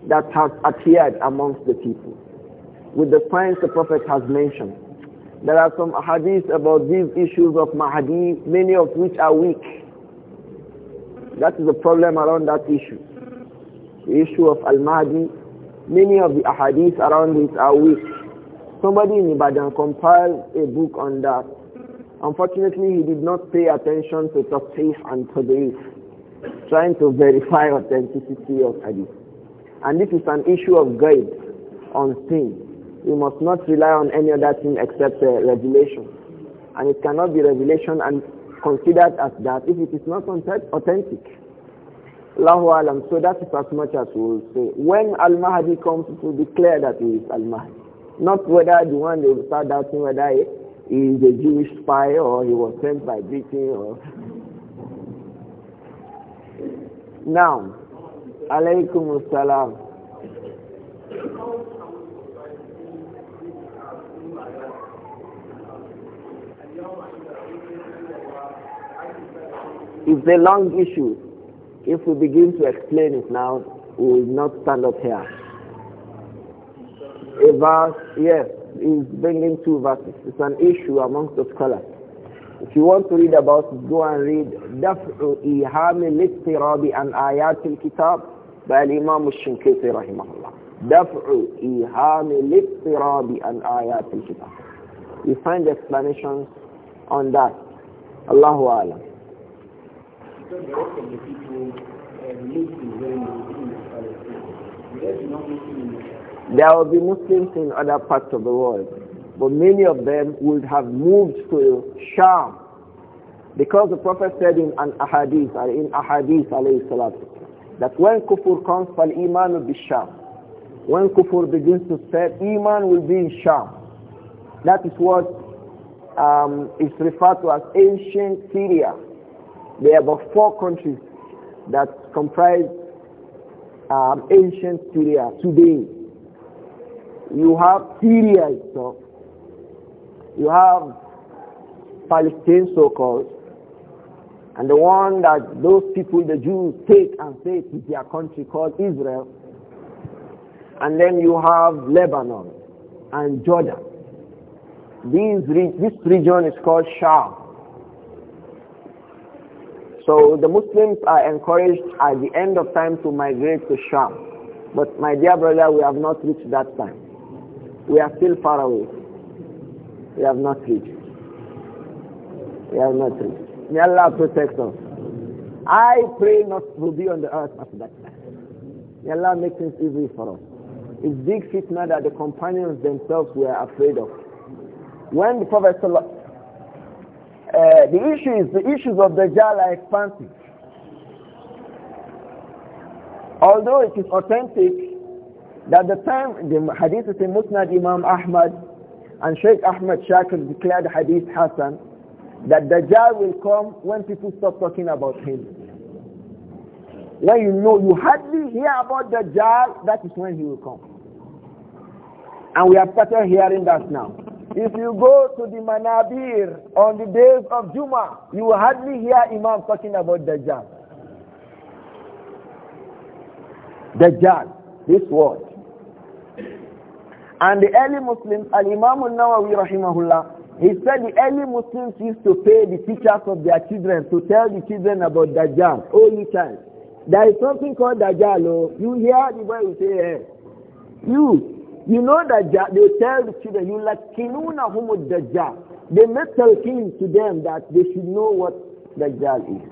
that has appeared amongst the people with the signs the Prophet has mentioned. There are some hadiths about these issues of Mahdi, many of which are weak. That is the problem around that issue. The issue of Al-Mahdi Many of the ahadith around it are weak. Somebody in Ibadan compiled a book on that. Unfortunately, he did not pay attention to tafsir and tadrif, trying to verify authenticity of hadith. And this is an issue of guide on things. We must not rely on any other thing except uh, revelation. And it cannot be revelation and considered as that if it is not authentic. Allahu Alam. So that is as much as we will say. When Al-Mahdi comes, it will be clear that he is Al-Mahdi. Not whether the one they will start doubting whether he is a Jewish spy or he was sent by Britain or... Now, alaykum as-salam. It's a long issue. If we begin to explain it now, we will not stand up here. A verse, yes, is bringing two verses. It's an issue amongst the scholars. If you want to read about it, go and read دفع إيهام الاضطراب عن آيات الكتاب by Imam الشنكيطي رحمه الله. دفع إيهام الاضطراب عن آيات الكتاب. You find explanations on that. Allahu Alam the rest of the people believe eh, in them in Palestine. There will be Muslims in other parts of the world, but many of them would have moved to Sham because the Prophet said in an ahadith, uh, in ahadith alayhi salatu, that when kufur comes, fal iman will be Sham. When kufur begins to spread, iman will be in Sham. That is what um, is referred to as ancient Syria. There are about four countries that comprise um, ancient Syria today. You have Syria itself. You have Palestine so-called. And the one that those people, the Jews, take and say it is their country called Israel. And then you have Lebanon and Jordan. These re this region is called Sham. So the Muslims are encouraged at the end of time to migrate to Sham. But my dear brother, we have not reached that time. We are still far away. We have not reached. We have not reached. May Allah protect us. I pray not to be on the earth at that time. May Allah make things easy for us. It's big fitna that the companions themselves were afraid of. When the Prophet uh, the the issues, the issues of Dajjal are expansive. Although it is authentic that the time, the hadith is in Musnad Imam Ahmad and Sheikh Ahmad Shakir declared hadith Hassan that Dajjal will come when people stop talking about him. When you know you hardly hear about Dajjal, that is when he will come. And we have started hearing that now. If you go to the Manabir on the days of Juma, you will hardly hear Imam talking about Dajjal. Dajjal, this word. And the early Muslims, Al-Imam al-Nawawi rahimahullah, he said the early Muslims used to pay the teachers of their children to tell the children about Dajjal, oh child. There is something called Dajjal, oh. you hear the boy say, hey. Eh, you, you know that they tell the children, you lakinuna humud Dajjal. They make talking to them that they should know what Dajjal is.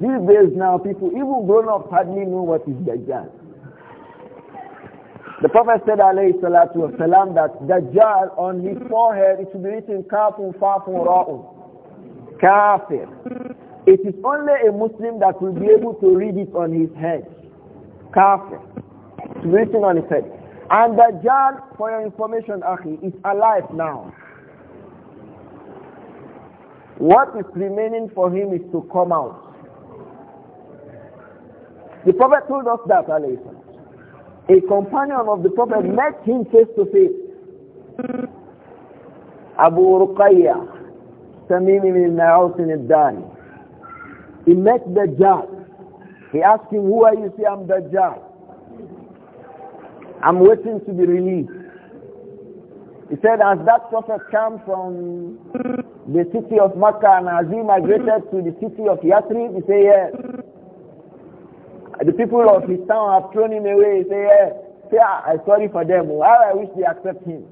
These days now, people, even grown-ups hardly know what is Dajjal. The Prophet said, alayhi salatu wasalam, that Dajjal on his forehead, it should be written, Kafu fafun ra'un. Kafir. It is only a Muslim that will be able to read it on his head. Kafir. It's written on his head. And Dajjal, for your information, Akhi, is alive now. What is remaining for him is to come out. The Prophet told us that, alayhi A companion of the Prophet met him face to face. Abu Ruqayya, Tamim ibn Na'us al-Dani. He met Dajjal. He asked him, who are you? Say, I'm Dajjal. I'm waiting to be released. He said, as that prophet came from the city of Makkah and as he migrated to the city of Yathrib, he said, yes. The people of his town have thrown him away. He said, yes. Say, ah, I'm sorry for them. Why I wish they accept him.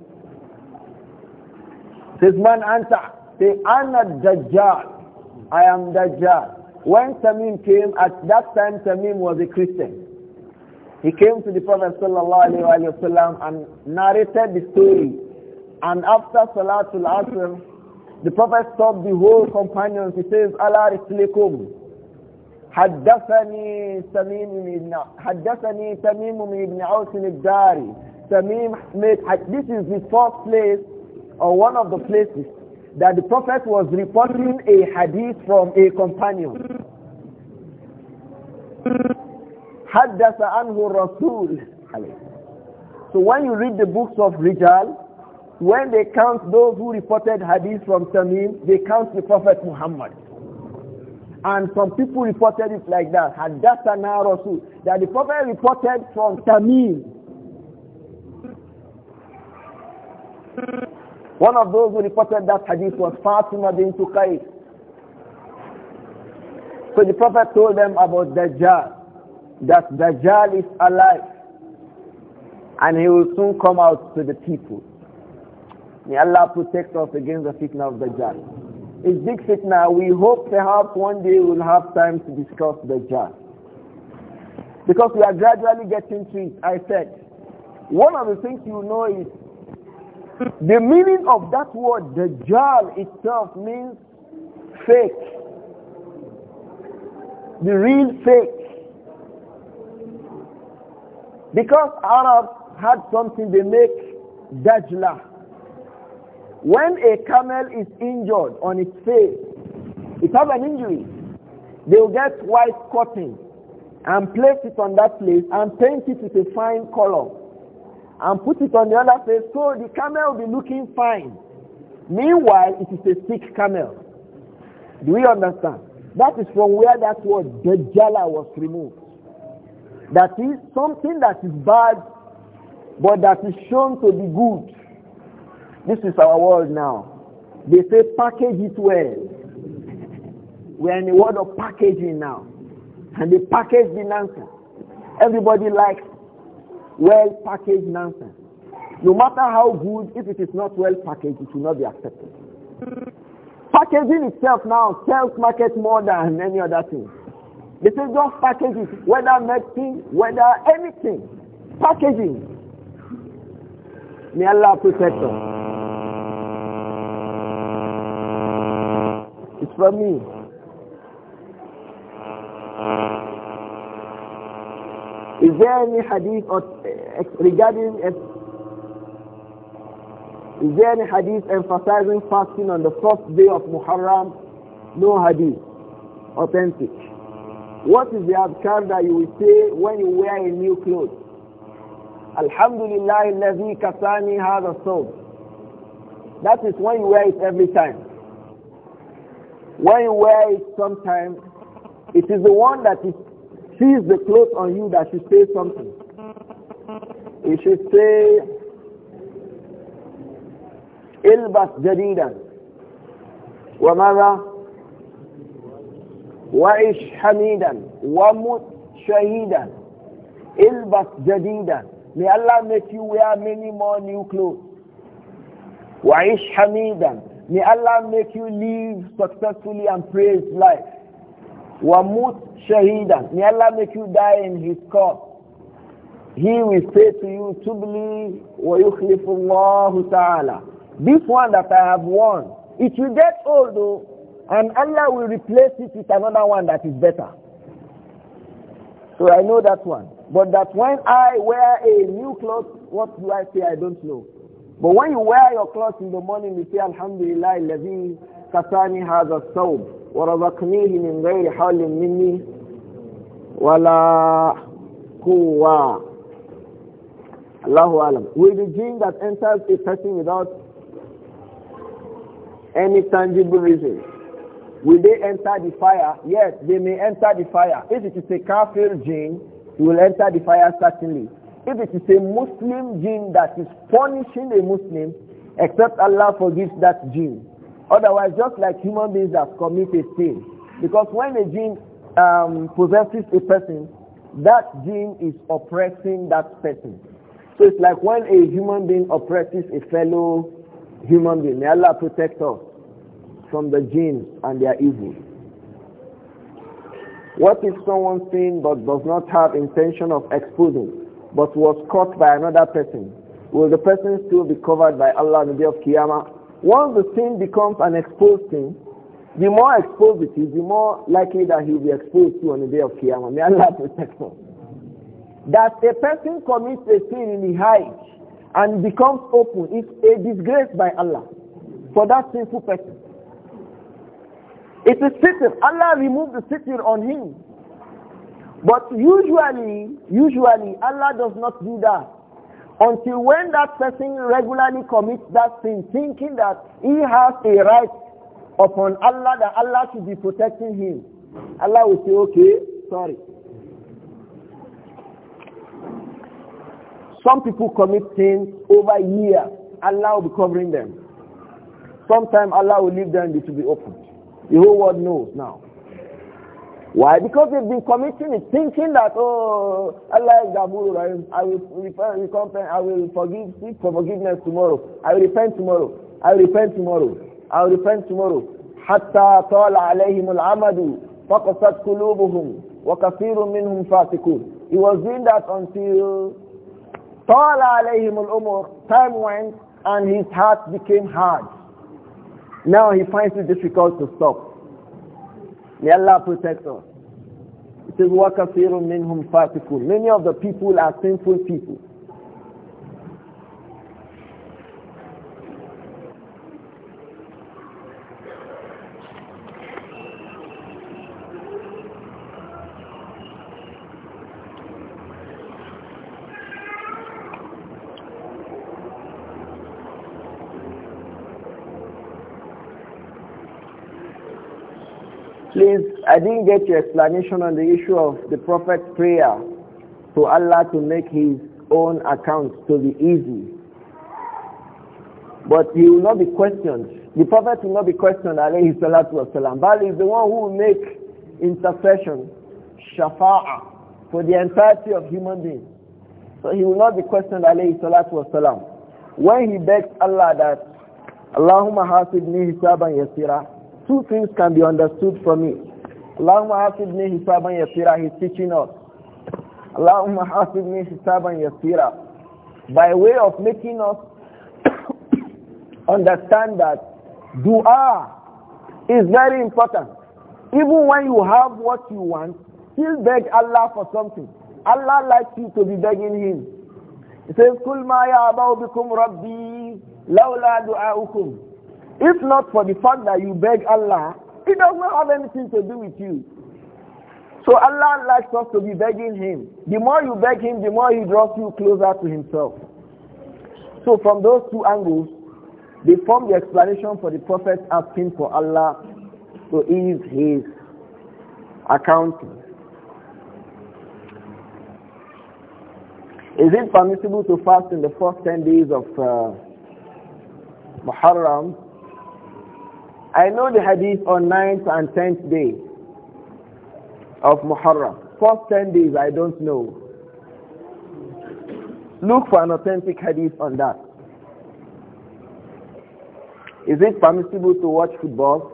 This man answered, say, I'm not Dajjal. I am Dajjal. When Tamim came, at that time Tamim was a Christian. He came to the Prophet وسلم, and narrated the story. And after Salatul Asr, the Prophet stopped the whole companions. He says, Allah Rislikum. حدثني تميم بن حدثني تميم بن عوس الداري تميم made this is the fourth place or one of the places that the prophet was reporting a hadith from a companion حدث anhu Rasul. So when you read the books of Rijal, when they count those who reported hadith from Tamim, they count the Prophet Muhammad. And some people reported it like that, na Rasul, that the Prophet reported from Tamim. One of those who reported that hadith was Fatima bint Tuqayt. So the Prophet told them about Dajjal that Dajjal is alive and he will soon come out to the people. May Allah protect us against the fitna of Dajjal. It's big fitna. We hope perhaps one day we'll have time to discuss Dajjal. Because we are gradually getting to it. I said, one of the things you know is the meaning of that word Dajjal itself means fake. The real fake. Because Arabs had something they make dajla. When a camel is injured on its face, it has an injury, they will get white cotton and place it on that place and paint it with a fine color and put it on the other face so the camel will be looking fine. Meanwhile, it is a sick camel. Do we understand? That is from where that word Dajjala was removed. That is something that is bad, but that is shown to be good. This is our world now. They say package it well. We are in the world of packaging now. And they package the nonsense. Everybody likes well packaged nonsense. No matter how good, if it is not well packaged, it will not be accepted. Packaging itself now sells market more than any other thing. They say just packages, whether medicine, whether anything. Packaging. May Allah protect us. It's from me. Is there any hadith or, uh, regarding uh, is there any hadith emphasizing fasting on the first day of Muharram? No hadith. Authentic. What is the adhkar that you will say when you wear a new clothes? Alhamdulillah, الذي kasani هذا الصوم. That is when you wear it every time. When you wear it sometimes, it is the one that is, sees the clothes on you that should say something. It should say, إلبس جديدا وماذا وعش حميدا ومت شهيدا البس جديدا May Allah make you wear many more new clothes. وعيش حميدا. May Allah make you live successfully and praise life. وموت شهيدا. May Allah make you die in His cause. He will say to you, تبلي ويخلف Allah تعالى. This one that I have won, it will get old though. And Allah will replace it with another one that is better. So I know that one. But that when I wear a new cloth, what do I say? I don't know. But when you wear your clothes in the morning, you say, Alhamdulillah, الذي كساني هذا الثوب ورزقنيه من غير حول مني ولا قوة. Allahu Alam. Will the dream that enters a person without any tangible reason Will they enter the fire? Yes, they may enter the fire. If it is a kafir jinn, he will enter the fire certainly. If it is a Muslim jinn that is punishing a Muslim, except Allah forgives that jinn. Otherwise, just like human beings that commit a sin. Because when a jinn um, possesses a person, that jinn is oppressing that person. So it's like when a human being oppresses a fellow human being. May Allah protect us from the jinn and their evil. What if someone sinned but does not have intention of exposing, but was caught by another person? Will the person still be covered by Allah on the day of Qiyamah? Once the sin becomes an exposed sin, the more exposed it is, the more likely that he will be exposed to on the day of Qiyamah. May Allah protect us. That a person commits a sin in the height and becomes open is a disgrace by Allah for that sinful person. It is sitting. Allah removed the sitting on him. But usually, usually Allah does not do that. Until when that person regularly commits that sin, thinking that he has a right upon Allah that Allah should be protecting him. Allah will say, okay, sorry. Some people commit sins over years. Allah will be covering them. Sometimes Allah will leave them, it will be open. The whole world knows now. Why? Because they've been committing it, thinking that, oh, Allah is Gaburu, I will repent, I will forgive, seek for forgiveness tomorrow. I will repent tomorrow. I will repent tomorrow. I will repent tomorrow. حتى طال عليهم العمد فقست قلوبهم وكثير منهم فاسقون. He was doing that until طال عليهم الأمور. Time went and his heart became hard. Now he finds it difficult to stop. May Allah protect us. It says, وَكَثِيرٌ مِّنْهُمْ Many of the people are sinful people. Please, I didn't get your explanation on the issue of the Prophet's prayer to Allah to make his own account to be easy. But he will not be questioned. The Prophet will not be questioned, alayhi salatu wasalam. But is the one who will make intercession, shafa'a, for the entirety of human beings. So he will not be questioned, alayhi salatu wasalam. When he begs Allah that, Allahumma hasibni hisaban yasira, Two things can be understood from it. Allahumma hafidni hisaban yasira, he's teaching us. Allahumma hafidni hisaban yasira. By way of making us understand that dua is very important. Even when you have what you want, still beg Allah for something. Allah likes you to be begging him. He says, "Kul ma ya bikum rabbi lawla du'a'ukum." If not for the fact that you beg Allah, it does not have anything to do with you. So Allah likes us to be begging Him. The more you beg Him, the more He draws you closer to Himself. So from those two angles, they form the explanation for the Prophet asking for Allah to ease his accounting. Is it permissible to fast in the first 10 days of uh, Muharram I know the hadith on ninth and tenth day of Muharram. First ten days, I don't know. Look for an authentic hadith on that. Is it permissible to watch football?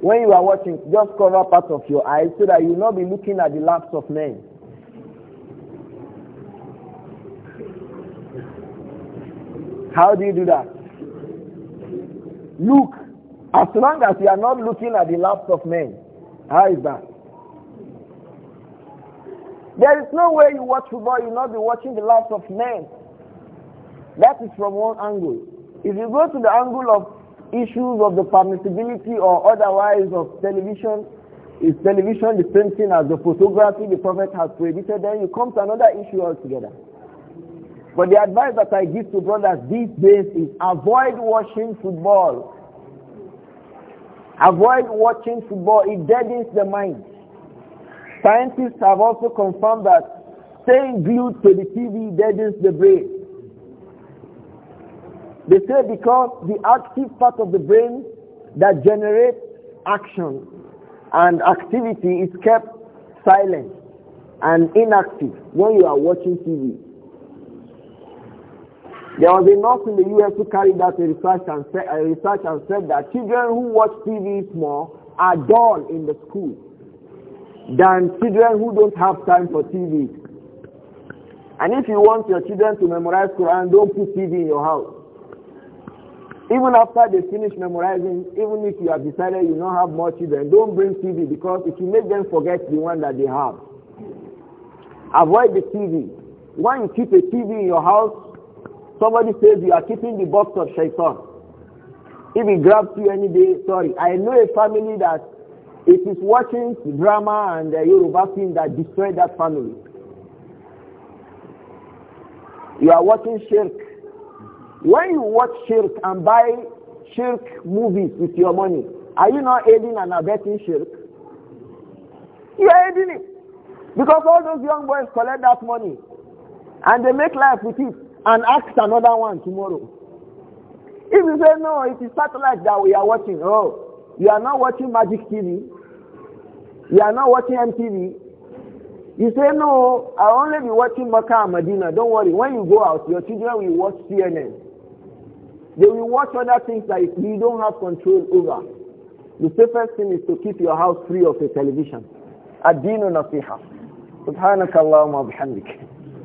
When you are watching, just cover part of your eyes so that you will not be looking at the laps of men. How do you do that? Look as long as you are not looking at the laps of men, how is that? There is no way you watch football, you'll not be watching the laps of men. That is from one angle. If you go to the angle of issues of the permissibility or otherwise of television, is television the same thing as the photography the Prophet has predicted? then you come to another issue altogether. But the advice that I give to brothers these days is avoid watching football. Avoid watching football. It deadens the mind. Scientists have also confirmed that staying glued to the TV deadens the brain. They say because the active part of the brain that generates action and activity is kept silent and inactive when you are watching TV. There was a nurse in the U.S. who carried out a research and said, a research and said that children who watch TV more are dull in the school than children who don't have time for TV. And if you want your children to memorize Quran, don't put TV in your house. Even after they finish memorizing, even if you have decided you don't have more children, don't bring TV because it will make them forget the one that they have. Avoid the TV. When you keep a TV in your house, Somebody says you are keeping the box of shaitan. If he grabs you any day, sorry. I know a family that it is watching drama and uh, Yoruba film that destroyed that family. You are watching shirk. When you watch shirk and buy shirk movies with your money, are you not aiding and abetting shirk? You are aiding it. Because all those young boys collect that money and they make life with it and ask another one tomorrow. If you say, no, it is satellite that we are watching, oh, you are not watching Magic TV, you are not watching MTV, you say, no, I only be watching Makkah and Medina. Don't worry. When you go out, your children will watch CNN. They will watch other things that you don't have control over. The safest thing is to keep your house free of the television. Ad-dinu nasiha. سبحانك اللهم وبحمدك